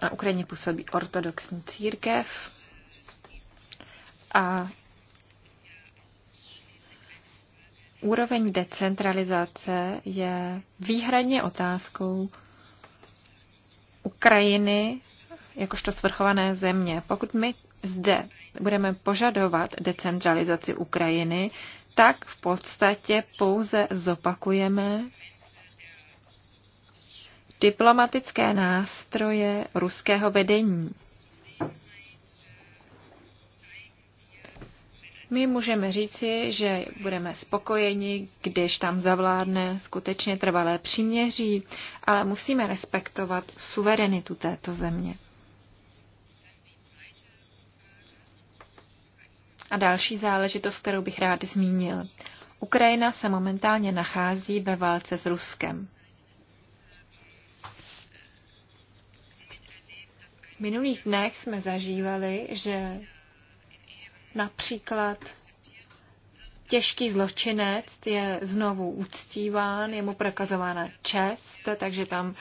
na Ukrajině působí ortodoxní církev a úroveň decentralizace je výhradně otázkou Ukrajiny jakožto svrchované země. Pokud my zde budeme požadovat decentralizaci Ukrajiny, tak v podstatě pouze zopakujeme diplomatické nástroje ruského vedení. My můžeme říci, že budeme spokojeni, když tam zavládne skutečně trvalé příměří, ale musíme respektovat suverenitu této země. A další záležitost, kterou bych rád zmínil. Ukrajina se momentálně nachází ve válce s Ruskem. V minulých dnech jsme zažívali, že Například těžký zločinec je znovu uctíván, je mu prokazována čest, takže tam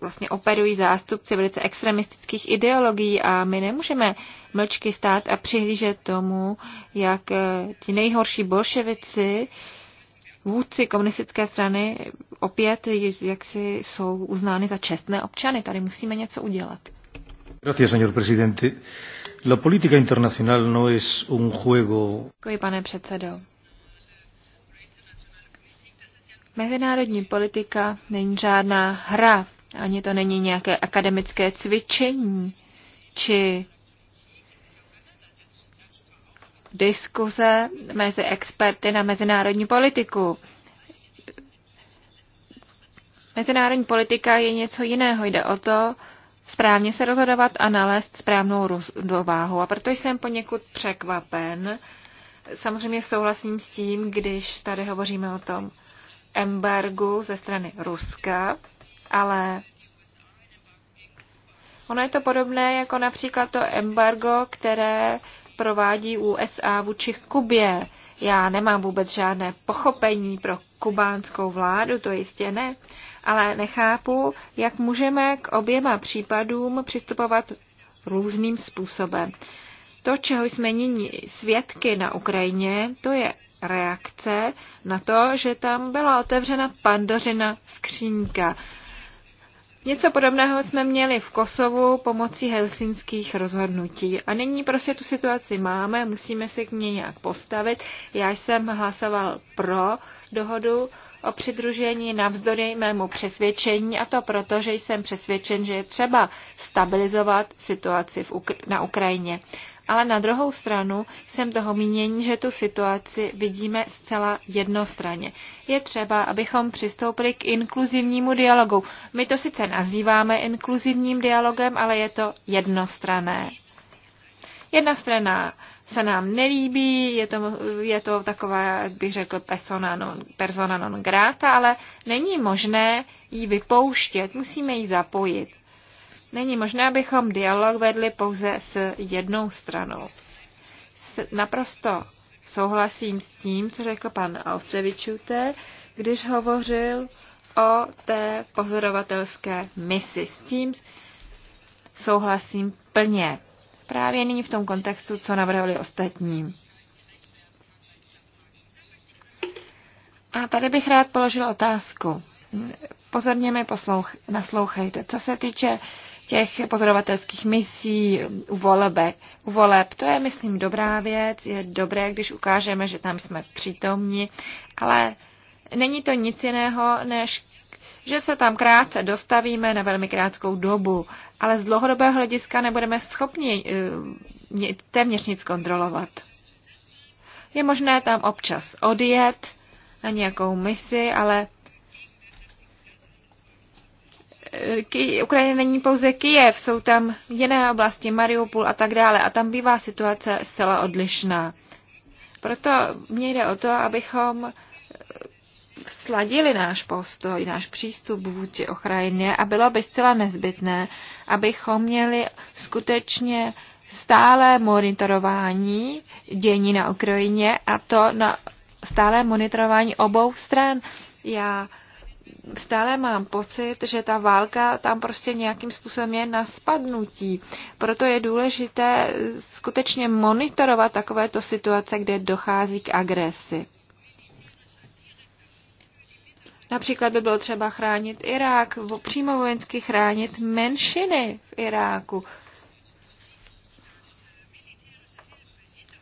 vlastně operují zástupci velice extremistických ideologií a my nemůžeme mlčky stát a přihlížet tomu, jak eh, ti nejhorší bolševici, vůdci komunistické strany opět jak si jsou uznány za čestné občany. Tady musíme něco udělat. Gracias, señor presidente. La política internacional no es un juego. Děkuji, pane předsedo. Mezinárodní politika není žádná hra, ani to není nějaké akademické cvičení či diskuze mezi experty na mezinárodní politiku. Mezinárodní politika je něco jiného. Jde o to, správně se rozhodovat a nalézt správnou rovnováhu. A proto jsem poněkud překvapen. Samozřejmě souhlasím s tím, když tady hovoříme o tom embargu ze strany Ruska, ale ono je to podobné jako například to embargo, které provádí USA vůči Kubě. Já nemám vůbec žádné pochopení pro kubánskou vládu, to jistě ne, ale nechápu, jak můžeme k oběma případům přistupovat různým způsobem. To, čeho jsme nyní svědky na Ukrajině, to je reakce na to, že tam byla otevřena pandořina skřínka. Něco podobného jsme měli v Kosovu pomocí helsinských rozhodnutí. A nyní prostě tu situaci máme, musíme se k ní nějak postavit. Já jsem hlasoval pro dohodu o přidružení navzdory mému přesvědčení a to proto, že jsem přesvědčen, že je třeba stabilizovat situaci v Ukra- na Ukrajině. Ale na druhou stranu jsem toho mínění, že tu situaci vidíme zcela jednostranně. Je třeba, abychom přistoupili k inkluzivnímu dialogu. My to sice nazýváme inkluzivním dialogem, ale je to jednostrané. Jedna strana se nám nelíbí, je to, je to taková, jak bych řekl, persona non, persona non grata, ale není možné ji vypouštět, musíme ji zapojit. Není možné, abychom dialog vedli pouze s jednou stranou. Naprosto souhlasím s tím, co řekl pan Austrevičute, když hovořil o té pozorovatelské misi. S tím souhlasím plně. Právě nyní v tom kontextu, co navrhli ostatní. A tady bych rád položil otázku. Pozorně mi poslouch- naslouchejte. Co se týče těch pozorovatelských misí u, volebek, u voleb. To je, myslím, dobrá věc. Je dobré, když ukážeme, že tam jsme přítomni, ale není to nic jiného, než že se tam krátce dostavíme na velmi krátkou dobu, ale z dlouhodobého hlediska nebudeme schopni eh, téměř nic kontrolovat. Je možné tam občas odjet na nějakou misi, ale Ukrajina není pouze Kijev, jsou tam jiné oblasti, Mariupol a tak dále, a tam bývá situace zcela odlišná. Proto mě jde o to, abychom eh, sladili náš postoj, náš přístup vůči Ukrajině a bylo by zcela nezbytné, abychom měli skutečně stále monitorování dění na Ukrajině a to na stále monitorování obou stran. Já stále mám pocit, že ta válka tam prostě nějakým způsobem je na spadnutí. Proto je důležité skutečně monitorovat takovéto situace, kde dochází k agresi. Například by bylo třeba chránit Irák, přímo vojensky chránit menšiny v Iráku,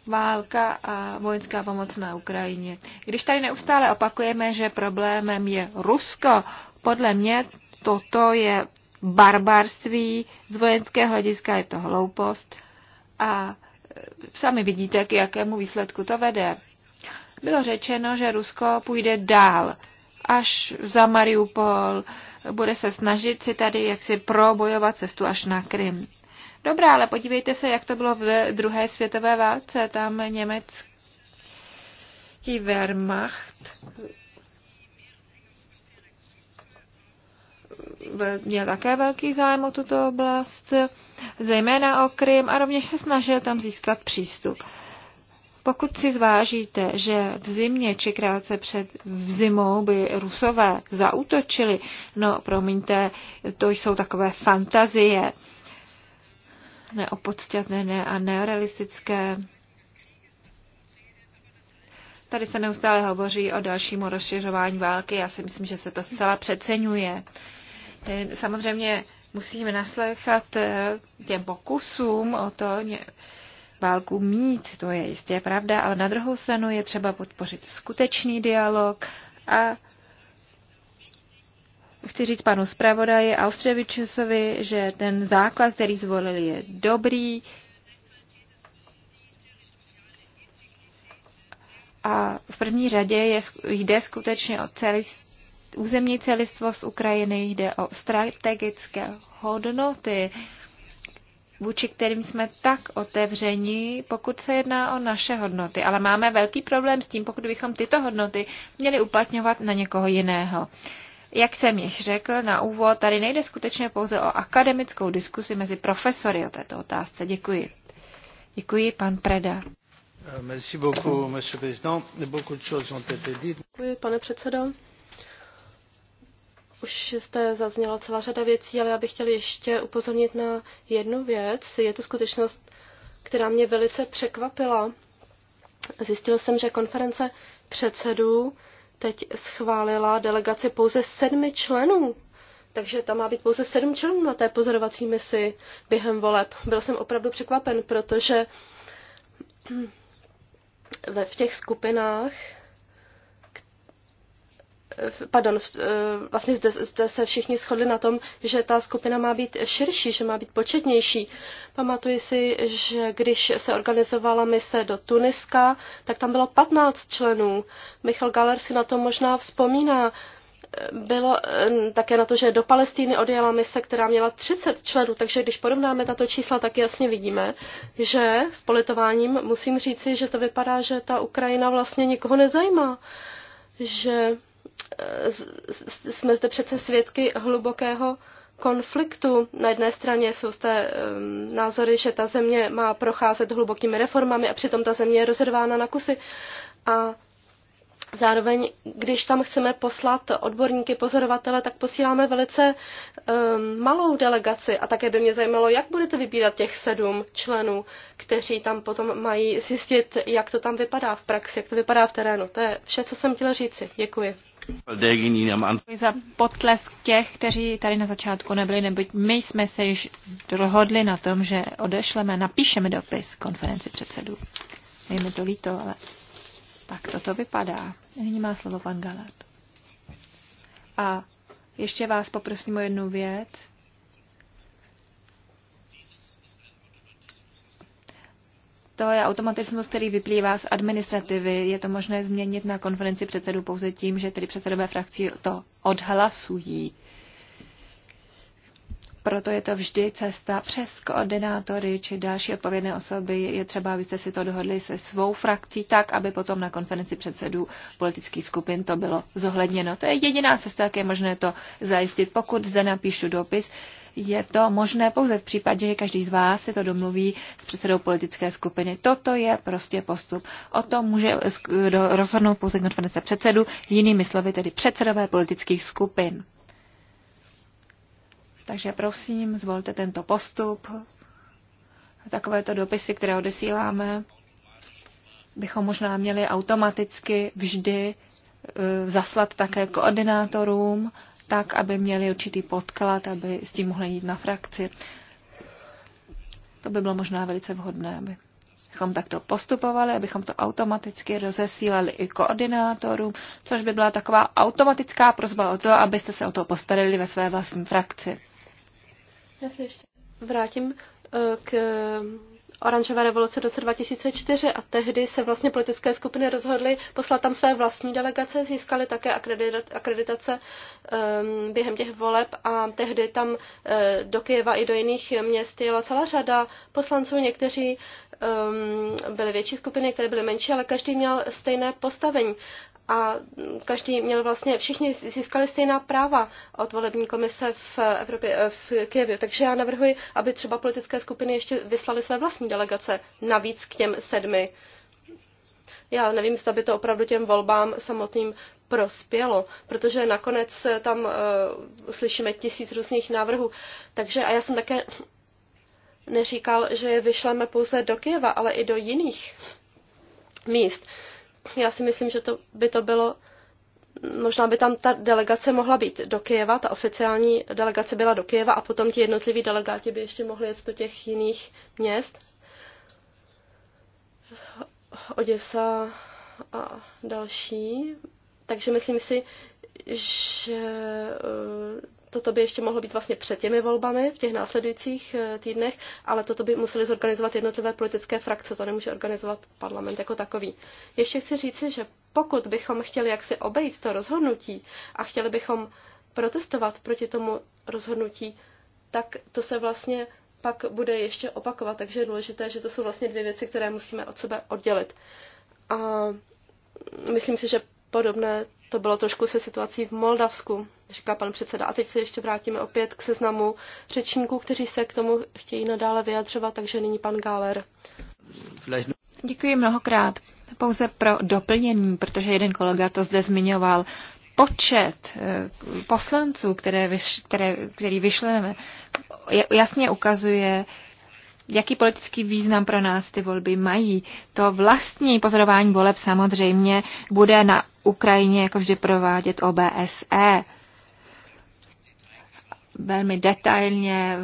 válka a vojenská pomoc na Ukrajině. Když tady neustále opakujeme, že problémem je Rusko, podle mě toto je barbarství, z vojenského hlediska je to hloupost a e, sami vidíte, k jakému výsledku to vede. Bylo řečeno, že Rusko půjde dál, až za Mariupol, bude se snažit si tady jaksi probojovat cestu až na Krym. Dobrá, ale podívejte se, jak to bylo v druhé světové válce. Tam německý Wehrmacht měl také velký zájem o tuto oblast, zejména o Krym a rovněž se snažil tam získat přístup. Pokud si zvážíte, že v zimě či krátce před zimou by rusové zautočili, no promiňte, to jsou takové fantazie neopodstatněné a nerealistické. Tady se neustále hovoří o dalšímu rozšiřování války. Já si myslím, že se to zcela přeceňuje. Samozřejmě musíme naslechat eh, těm pokusům o to válku mít, to je jistě pravda, ale na druhou stranu je třeba podpořit skutečný dialog a chci říct panu zpravodaji Austřevičusovi, že ten základ, který zvolili, je dobrý. A v první řadě je, jde skutečně o celý, územní celistvost Ukrajiny, jde o strategické hodnoty, vůči kterým jsme tak otevření, pokud se jedná o naše hodnoty. Ale máme velký problém s tím, pokud bychom tyto hodnoty měli uplatňovat na někoho jiného. Uh, jak jsem již řekl na úvod, tady nejde skutečně pouze o akademickou diskusi mezi profesory o této otázce. Děkuji. Děkuji, pan Preda. Eh, merci beaucoup, monsieur président. Beaucoup de choses ont été dites. Děkuji, pane předsedo. Už jste zazněla celá řada věcí, ale já bych chtěl ještě upozornit na jednu věc. Je to skutečnost, která mě velice překvapila. Zjistil jsem, že konference předsedů teď schválila delegace pouze sedmi členů. Takže tam má být pouze sedm členů na té pozorovací misi během voleb. Byl jsem opravdu překvapen, protože ve v těch skupinách pardon, eh, vlastně zde, zde se všichni shodli na tom, že ta skupina má být širší, že má být početnější. Pamatuji si, že když se organizovala mise do Tuniska, tak tam bylo 15 členů. Michal Galer si na to možná vzpomíná. Bylo eh, také na to, že do Palestíny odjela mise, která měla 30 členů, takže když porovnáme tato čísla, tak jasně vidíme, že s politováním musím říci, že to vypadá, že ta Ukrajina vlastně nikoho nezajímá že Eh, jsme zde přece svědky hlubokého konfliktu. Na jedné straně jsou zde um, názory, že ta země má procházet hlubokými reformami a přitom ta země je rozervána na kusy. A zároveň, když tam chceme poslat odborníky, pozorovatele, tak posíláme velice um, malou delegaci. A také by mě zajímalo, jak budete vybírat těch sedm členů, kteří tam potom mají zjistit, jak to tam vypadá v praxi, jak to vypadá v terénu. To je vše, co jsem chtěla říci. Děkuji. Za potlesk těch, kteří tady na začátku nebyli, neboť my jsme se již dohodli na tom, že odešleme, napíšeme dopis konferenci předsedů. Je mi to líto, ale tak toto vypadá. Nyní má slovo pan Galat. A ještě vás poprosím o jednu věc. To je automatismus, který vyplývá z administrativy. Je to možné změnit na konferenci předsedů pouze tím, že tedy předsedové frakcí to odhlasují. Proto je to vždy cesta přes koordinátory či další odpovědné osoby. Je třeba, abyste si to dohodli se svou frakcí tak, aby potom na konferenci předsedů politických skupin to bylo zohledněno. To je jediná cesta, jak je možné to zajistit. Pokud zde napíšu dopis, je to možné pouze v případě, že každý z vás se to domluví s předsedou politické skupiny. Toto je prostě postup. O tom může rozhodnout pouze konference předsedu, jinými slovy tedy předsedové politických skupin. Takže prosím, zvolte tento postup. Takovéto dopisy, které odesíláme, bychom možná měli automaticky vždy e, zaslat také koordinátorům tak, aby měli určitý podklad, aby s tím mohli jít na frakci. To by bylo možná velice vhodné, aby abychom takto postupovali, abychom to automaticky rozesílali i koordinátorům, což by byla taková automatická prozba o to, abyste se o to postarali ve své vlastní frakci. Já se ještě vrátím eh, k oranžové revoluce v roce 2004 a tehdy se vlastně politické skupiny rozhodly poslat tam své vlastní delegace, získali také akreditace ehm, během těch voleb a tehdy tam eh, do Kyjeva i do jiných měst jela celá řada poslanců, někteří ehm, byly větší skupiny, které byly menší, ale každý měl stejné postavení a každý měl vlastně, všichni získali stejná práva od volební komise v, Evropě, eh, v Kyjevě. Takže já navrhuji, aby třeba politické skupiny ještě vyslali své vlastní delegace navíc k těm sedmi. Já nevím, zda by to opravdu těm volbám samotným prospělo, protože nakonec eh, tam uh, slyšíme tisíc různých návrhů. Takže a já jsem také neříkal, že je vyšleme pouze do Kyjeva, ale i do jiných míst. Já si myslím, že to by to bylo možná by tam ta delegace mohla být do Kyjeva, ta oficiální delegace byla do Kyjeva a potom ti jednotliví delegáti by ještě mohli jet do těch jiných měst. Oděsa a další. Takže myslím si, že toto by ještě mohlo být vlastně před těmi volbami v těch následujících eh, týdnech, ale toto by museli zorganizovat jednotlivé politické frakce, to nemůže organizovat parlament jako takový. Ještě chci říci, že pokud bychom chtěli jaksi obejít to rozhodnutí a chtěli bychom protestovat proti tomu rozhodnutí, tak to se vlastně pak bude ještě opakovat, takže je důležité, že to jsou vlastně dvě věci, které musíme od sebe oddělit. A myslím si, že podobné to bylo trošku se situací v Moldavsku, říká pan předseda. A teď se ještě vrátíme opět k seznamu řečníků, kteří se k tomu chtějí nadále vyjadřovat, takže nyní pan Gáler. Děkuji mnohokrát. Pouze pro doplnění, protože jeden kolega to zde zmiňoval počet eh, poslanců, které, které, který vyšleme, jasně ukazuje, jaký politický význam pro nás ty volby mají. To vlastní pozorování voleb samozřejmě bude na Ukrajině jako vždy provádět OBSE velmi detailně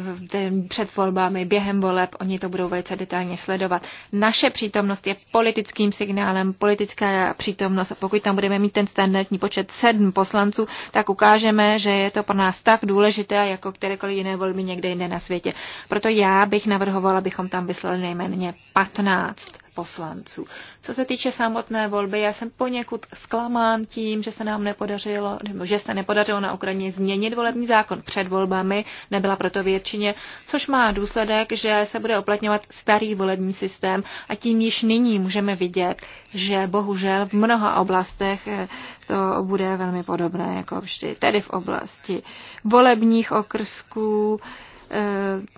před volbami, během voleb, oni to budou velice detailně sledovat. Naše přítomnost je politickým signálem, politická přítomnost. Pokud tam budeme mít ten standardní počet sedm poslanců, tak ukážeme, že je to pro nás tak důležité, jako kterékoliv jiné volby někde jinde na světě. Proto já bych navrhovala, abychom tam vyslali nejméně 15 poslanců. Co se týče samotné volby, já jsem poněkud zklamán tím, že se nám nepodařilo, nebo že se nepodařilo na Ukrajině změnit volební zákon před volbami, nebyla proto většině, což má důsledek, že se bude oplatňovat starý volební systém a tím již nyní můžeme vidět, že bohužel v mnoha oblastech eh, to bude velmi podobné jako vždy, tedy v oblasti volebních okrsků, eh,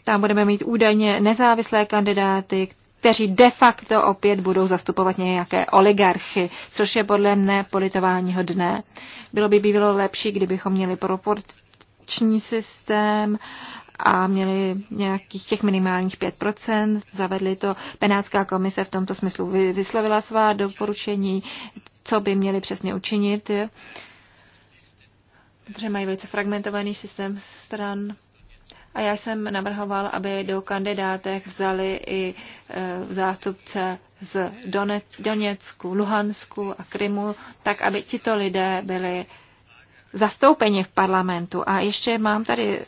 tam budeme mít údajně nezávislé kandidáty, kteří de facto opět budou zastupovat nějaké oligarchy, což je podle mne politováního dne. Bylo by bylo lepší, kdybychom měli proporční systém a měli nějakých těch minimálních 5%. Zavedli to. Penátská komise v tomto smyslu vyslovila svá doporučení, co by měli přesně učinit, protože mají velice fragmentovaný systém stran a já jsem navrhoval, aby do kandidátech vzali i e, zástupce z Doněcku, Luhansku a Krymu, tak aby tito lidé byli zastoupeni v parlamentu. A ještě mám tady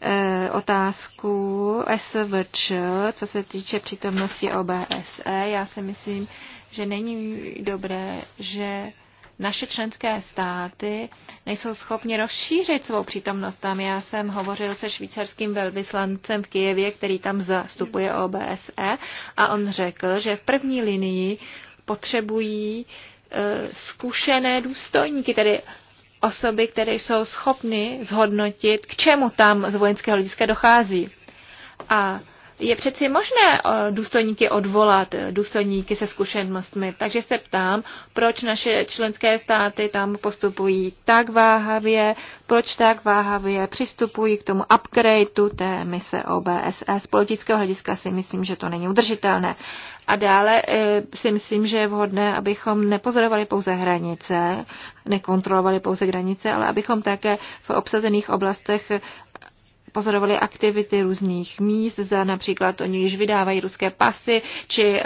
e, otázku SVČ, co se týče přítomnosti OBSE. Já si myslím, že není dobré, že naše členské státy nejsou schopni rozšířit svou přítomnost tam. Já jsem hovořil se švýcarským velvyslancem v Kijevě, který tam zastupuje OBSE a on řekl, že v první linii potřebují e, zkušené důstojníky, tedy osoby, které jsou schopny zhodnotit, k čemu tam z vojenského hlediska dochází. A je přeci možné eh, důstojníky odvolat, eh, důstojníky se zkušenostmi. Takže se ptám, proč naše členské státy tam postupují tak váhavě, proč tak váhavě přistupují k tomu upgradeu té mise OBSE. Z politického hlediska si myslím, že to není udržitelné. A dále eh, si myslím, že je vhodné, abychom nepozorovali pouze hranice, nekontrolovali pouze hranice, ale abychom také v obsazených oblastech pozorovali aktivity různých míst, za například oni již vydávají ruské pasy, či eh,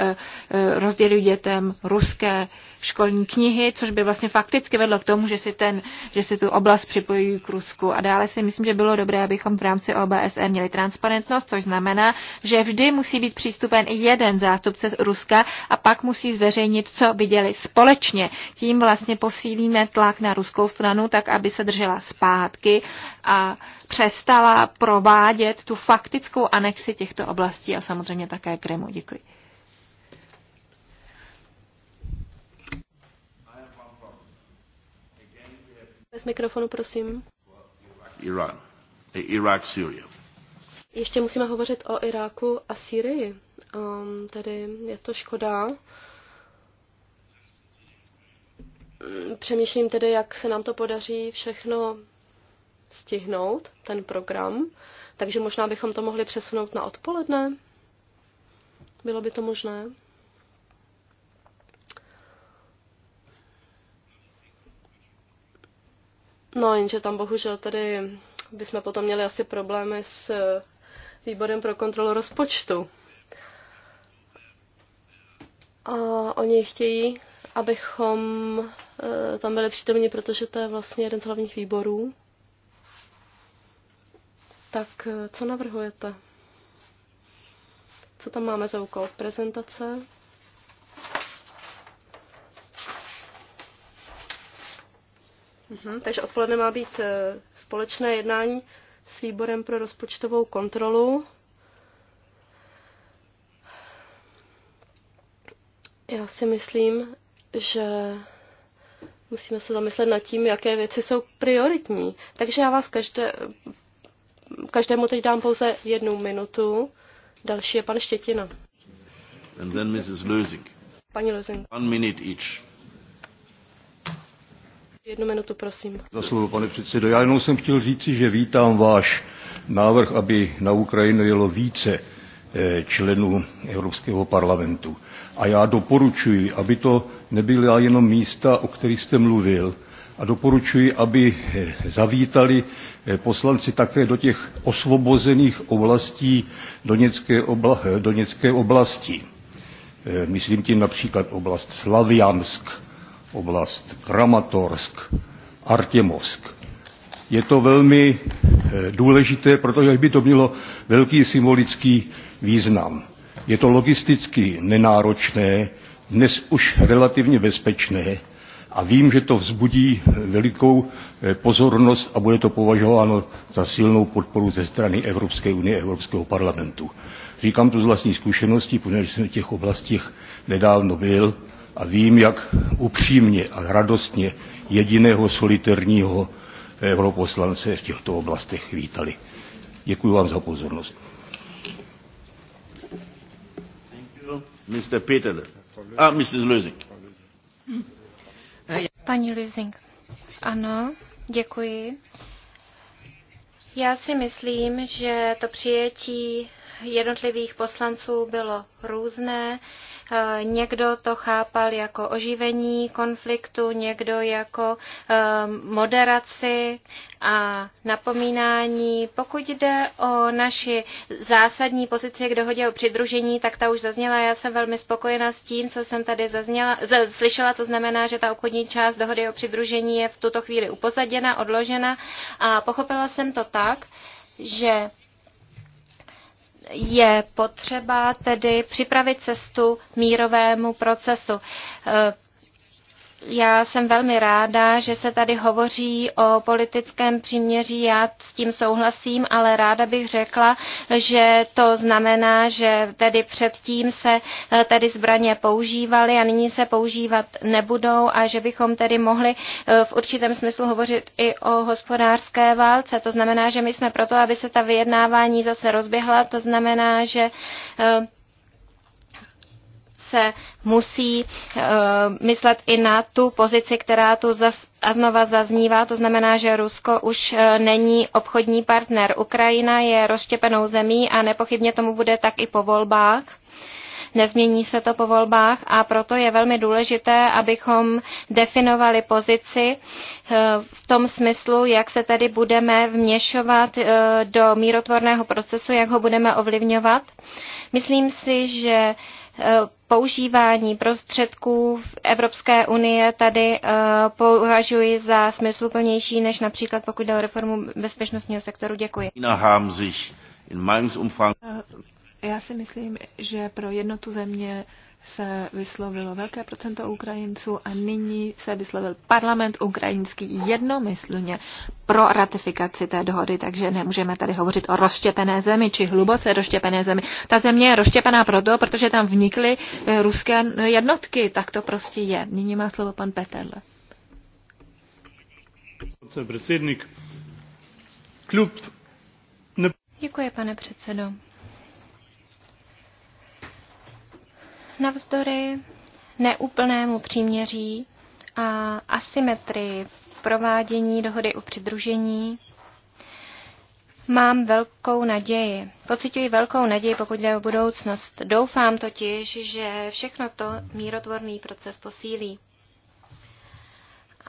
eh, rozdělují dětem ruské školní knihy, což by vlastně fakticky vedlo k tomu, že si, ten, že si tu oblast připojí k Rusku. A dále si myslím, že bylo dobré, abychom v rámci OBSE měli transparentnost, což znamená, že vždy musí být přístupen i jeden zástupce z Ruska a pak musí zveřejnit, co viděli společně. Tím vlastně posílíme tlak na ruskou stranu, tak aby se držela zpátky a přestala provádět tu faktickou anexi těchto oblastí a samozřejmě také Krymu. Děkuji. Bez mikrofonu, prosím. Irán. E, Irák, Sýrie. Ještě musíme hovořit o Iráku a Syrii. Um, tedy je to škoda. Přemýšlím tedy, jak se nám to podaří všechno stihnout, ten program. Takže možná bychom to mohli přesunout na odpoledne. Bylo by to možné? No, jenže tam bohužel tady bychom potom měli asi problémy s eh, výborem pro kontrolu rozpočtu. A oni chtějí, abychom eh, tam byli přítomní, protože to je vlastně jeden z hlavních výborů. Tak eh, co navrhujete? Co tam máme za úkol? Prezentace? Mm-hmm. takže odpoledne má být e, společné jednání s výborem pro rozpočtovou kontrolu. Já si myslím, že musíme se zamyslet nad tím, jaké věci jsou prioritní. Takže já vás každé, každému teď dám pouze jednu minutu. Další je pan Štětina. And then Mrs. Lösing. Pani Lusing. One minute each. Jednu minutu, prosím. Za slovo, pane předsedo. Já jenom jsem chtěl říci, že vítám váš návrh, aby na Ukrajinu jelo více eh, členů Evropského parlamentu. A já doporučuji, aby to nebyla jenom místa, o kterých jste mluvil, a doporučuji, aby eh, zavítali eh, poslanci také do těch osvobozených oblastí Doněcké, obla, Doněcké oblasti. Myslím tím například oblast Slaviansk, oblast Kramatorsk, Artemovsk. Je to velmi eh, důležité, protože by to mělo velký symbolický význam. Je to logisticky nenáročné, dnes už relativně bezpečné a vím, že to vzbudí eh, velikou eh, pozornost a bude to považováno za silnou podporu ze strany Evropské unie, Evropského parlamentu. Říkám to z vlastní zkušenosti, protože jsem v těch oblastech nedávno byl a vím, jak upřímně a radostně jediného solitérního eh, europoslance v těchto oblastech vítali. Děkuji vám za pozornost. Ah, Paní Lusing. Ano, děkuji. Já si myslím, že to přijetí jednotlivých poslanců bylo různé. Eh, někdo to chápal jako oživení konfliktu, někdo jako eh, moderaci a napomínání. Pokud jde o naši zásadní pozici k dohodě o přidružení, tak ta už zazněla. Já jsem velmi spokojena s tím, co jsem tady zazněla, slyšela. To znamená, že ta obchodní část dohody o přidružení je v tuto chvíli upozaděna, odložena a pochopila jsem to tak, že je potřeba tedy připravit cestu mírovému procesu. Eh, já jsem velmi ráda, že se tady hovoří o politickém příměří, já s tím souhlasím, ale ráda bych řekla, že to znamená, že tedy předtím se eh, tady zbraně používaly a nyní se používat nebudou a že bychom tedy mohli eh, v určitém smyslu hovořit i o hospodářské válce. To znamená, že my jsme proto, aby se ta vyjednávání zase rozběhla, to znamená, že eh, komise musí eh, myslet i na tu pozici, která tu zas, a znova zaznívá. To znamená, že Rusko už eh, není obchodní partner. Ukrajina je rozštěpenou zemí a nepochybně tomu bude tak i po volbách. Nezmění se to po volbách a proto je velmi důležité, abychom definovali pozici eh, v tom smyslu, jak se tady budeme vměšovat do mírotvorného procesu, jak ho budeme ovlivňovat. Myslím si, že používání prostředků v Evropské unie tady eh, považuji za smysluplnější, než například pokud jde o reformu bezpečnostního sektoru. Děkuji. Eh, já si myslím, že pro jednotu země se vyslovilo velké procento Ukrajinců a nyní se vyslovil parlament ukrajinský jednomyslně pro ratifikaci té dohody, takže nemůžeme tady hovořit o rozštěpené zemi či hluboce rozštěpené zemi. Ta země je rozštěpená proto, protože tam vnikly eh, ruské jednotky, tak to prostě je. Nyní má slovo pan Peterle. Klub Děkuji, pane předsedo. Navzdory neúplnému příměří a asymetrii provádění dohody u přidružení mám velkou naději. Pocituji velkou naději, pokud jde o budoucnost. Doufám totiž, že všechno to mírotvorný proces posílí.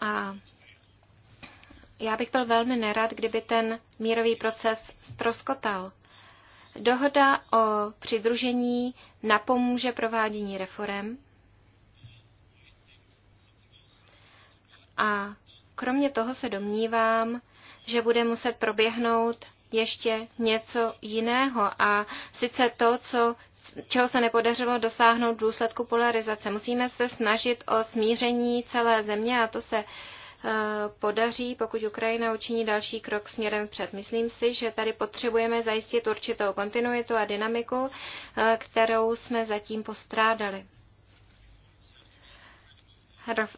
A já bych byl velmi nerad, kdyby ten mírový proces stroskotal. Dohoda o přidružení napomůže provádění reform a kromě toho se domnívám, že bude muset proběhnout ještě něco jiného a sice to, co, čeho se nepodařilo dosáhnout v důsledku polarizace. Musíme se snažit o smíření celé země a to se Eh, podaří, pokud Ukrajina učiní další krok směrem vpřed. Myslím si, že tady potřebujeme zajistit určitou kontinuitu a dynamiku, eh, kterou jsme zatím postrádali.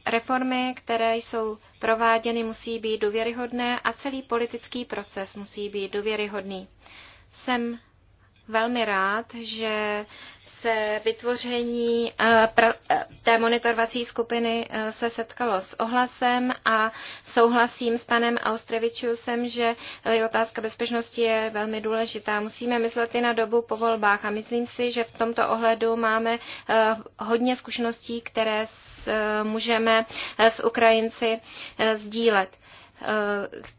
Reformy, které jsou prováděny, musí být důvěryhodné a celý politický proces musí být důvěryhodný. Jsem velmi rád, že se vytvoření eh, eh, té monitorovací skupiny eh, se setkalo s ohlasem a souhlasím s panem Austrevičusem, že otázka bezpečnosti je velmi důležitá. Musíme myslet i na dobu po volbách a myslím si, že v tomto ohledu máme hodně zkušeností, které můžeme s Ukrajinci sdílet.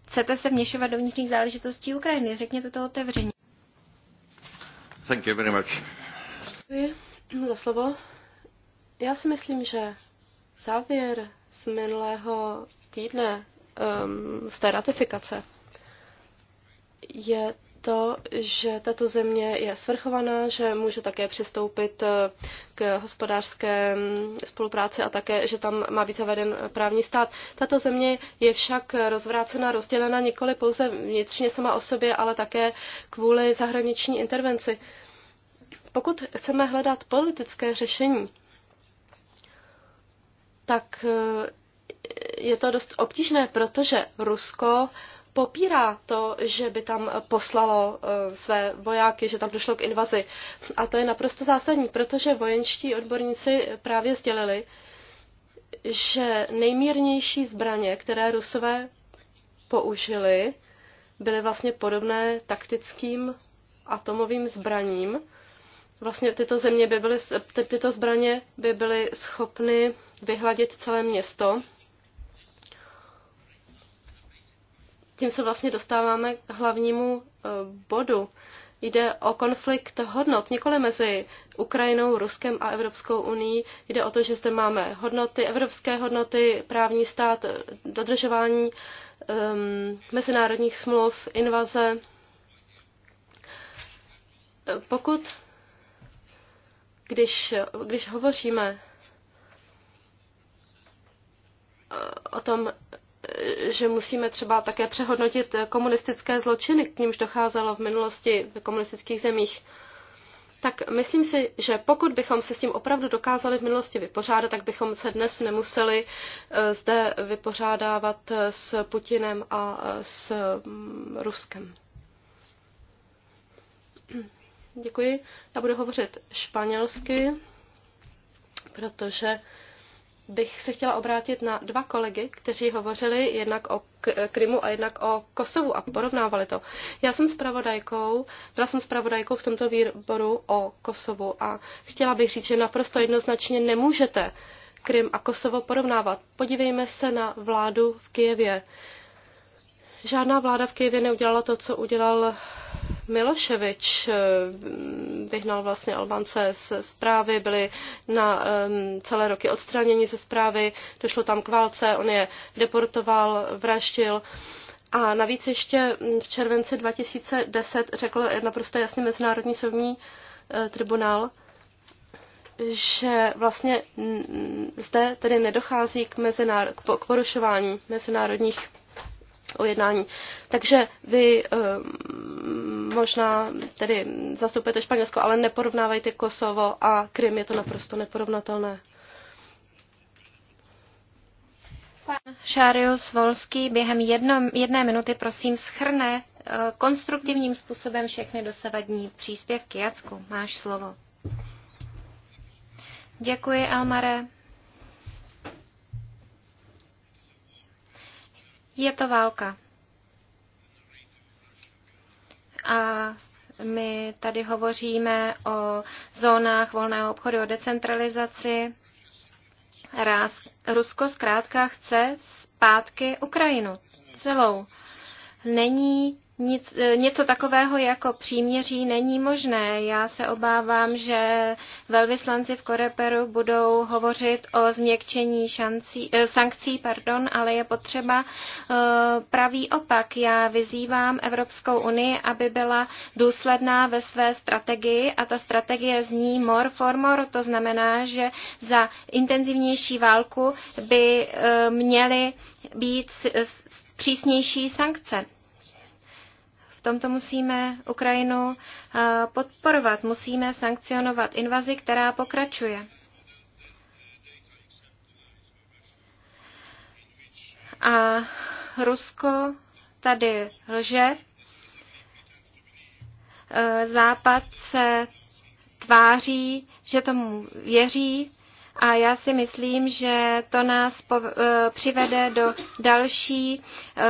Chcete se vněšovat do vnitřních záležitostí Ukrajiny? Řekněte to otevřeně. Thank you very much. Děkuji za slovo. Já si myslím, že závěr z minulého týdne um, z té ratifikace je to, že tato země je svrchovaná, že může také přistoupit eh, k hospodářské mm, spolupráci a také, že tam má být zaveden právní stát. Tato země je však rozvrácena, rozdělena nikoli pouze vnitřně sama o sobě, ale také kvůli zahraniční intervenci. Pokud chceme hledat politické řešení, tak eh, je to dost obtížné, protože Rusko popírá to, že by tam poslalo eh, své vojáky, že tam došlo k invazi. A to je naprosto zásadní, protože vojenští odborníci právě sdělili, že nejmírnější zbraně, které rusové použili, byly vlastně podobné taktickým atomovým zbraním. Vlastně tyto země by byly, tyto zbraně by byly schopny vyhladit celé město tím se vlastně dostáváme k hlavnímu e, bodu. Jde o konflikt hodnot, nikoli mezi Ukrajinou, Ruskem a Evropskou unii. Jde o to, že zde máme hodnoty, evropské hodnoty, právní stát, e, dodržování um, mezinárodních smluv, invaze. E, pokud, když, když hovoříme o tom, že musíme třeba také přehodnotit komunistické zločiny, k nímž docházelo v minulosti v komunistických zemích. Tak myslím si, že pokud bychom se s tím opravdu dokázali v minulosti vypořádat, tak bychom se dnes nemuseli eh, zde vypořádávat s Putinem a eh, s mm, Ruskem. Děkuji. Já budu hovořit španělsky, protože bych se chtěla obrátit na dva kolegy, kteří hovořili jednak o Krymu a jednak o Kosovu a porovnávali to. Já jsem spravodajkou, byla jsem spravodajkou v tomto výboru o Kosovu a chtěla bych říct, že naprosto jednoznačně nemůžete Krym a Kosovo porovnávat. Podívejme se na vládu v Kijevě. Žádná vláda v Kyjevě neudělala to, co udělal Miloševič. Vyhnal vlastně Albance z zprávy, byli na um, celé roky odstraněni ze zprávy, došlo tam k válce, on je deportoval, vraždil. A navíc ještě v červenci 2010 řekl naprosto jasně Mezinárodní soudní eh, tribunál, že vlastně zde tedy nedochází k, mezinár- k porušování mezinárodních o jednání. Takže vy ehm, možná tedy zastupujete Španělsko, ale neporovnávajte Kosovo a Krym, je to naprosto neporovnatelné. Pan Šárius Volský během jedno, jedné minuty prosím schrne eh, konstruktivním způsobem všechny dosavadní příspěvky. Jacku, máš slovo. Děkuji, Elmare. Je to válka. A my tady hovoříme o zónách volného obchodu, o decentralizaci. Rusko zkrátka chce zpátky Ukrajinu celou. Není nic, e, něco takového jako příměří není možné. Já se obávám, že velvyslanci v Koreperu budou hovořit o změkčení šancí, e, sankcí, pardon, ale je potřeba e, pravý opak. Já vyzývám Evropskou unii, aby byla důsledná ve své strategii a ta strategie zní more for more. To znamená, že za intenzivnější válku by měly být přísnější sankce. V tomto musíme Ukrajinu eh, podporovat, musíme sankcionovat invazi, která pokračuje. A Rusko tady lže. Eh, Západ se tváří, že tomu věří, a já si myslím, že to nás eh, přivede do další eh,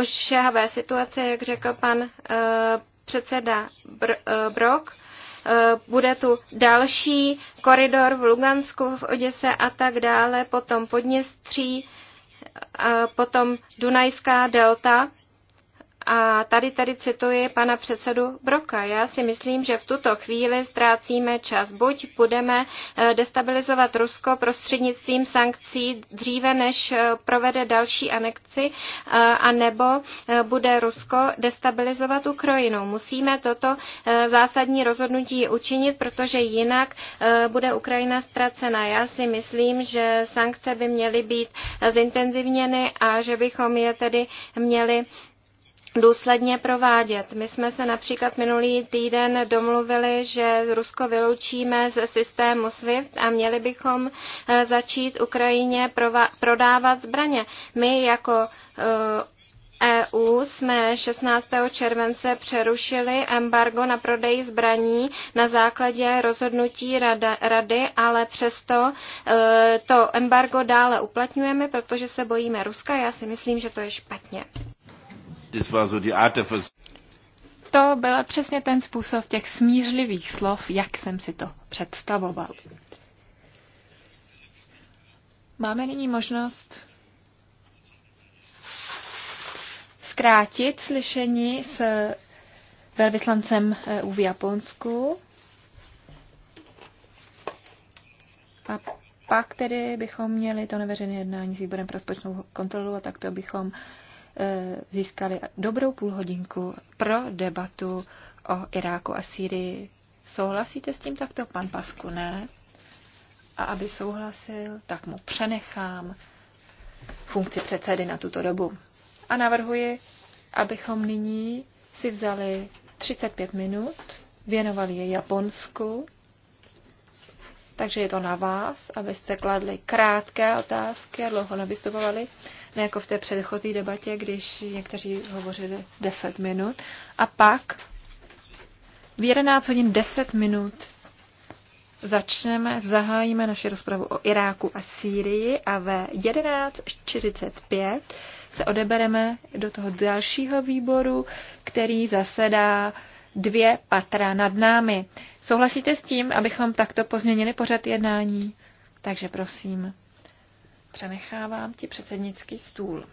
ošehavé situace, jak řekl pan eh, předseda Brok. Bude tu další koridor v Lugansku, v Oděse a tak dále, potom Podněstří, potom Dunajská delta. A tady tady cituji pana předsedu Broka. Já si myslím, že v tuto chvíli ztrácíme čas. Buď budeme eh, destabilizovat Rusko prostřednictvím sankcí dříve, než eh, provede další a eh, anebo bude Rusko destabilizovat Ukrajinu. Musíme toto zásadní rozhodnutí učinit, protože jinak bude Ukrajina ztracena. Já si myslím, že sankce by měly být zintenzivněny a že bychom je tedy měli důsledně provádět. My jsme se například minulý týden domluvili, že Rusko vyloučíme ze systému SWIFT a měli bychom eh, začít Ukrajině prodávat zbraně. My jako EU eh, e jsme 16. července přerušili embargo na prodej zbraní na základě rozhodnutí rada, rady, ale přesto eh, to embargo dále uplatňujeme, protože se bojíme Ruska. Já si myslím, že to je špatně. To byl přesně ten způsob těch smířlivých slov, jak jsem si to představoval. Máme nyní možnost zkrátit slyšení s velvyslancem EU eh, v Japonsku. A pak tedy bychom měli to neveřejné jednání s výborem pro rozpočtovou kontrolu a takto bychom Eh, získali dobrou půlhodinku pro debatu o Iráku a Sýrii. Souhlasíte s tím takto, pan Pasku? Ne. A aby souhlasil, tak mu přenechám funkci předsedy na tuto dobu. A navrhuji, abychom nyní si vzali 35 minut, věnovali je Japonsku, takže je to na vás, abyste kladli krátké otázky a dlouho nevystupovali ne no, jako v té předchozí debatě, když někteří hovořili 10 minut. A pak v 11 hodin 10 minut začneme, zahájíme naši rozpravu o Iráku a Sýrii a ve 11.45 se odebereme do toho dalšího výboru, který zasedá dvě patra nad námi. Souhlasíte s tím, abychom takto pozměnili pořad jednání? Takže prosím. Přenechávám ti předsednický stůl.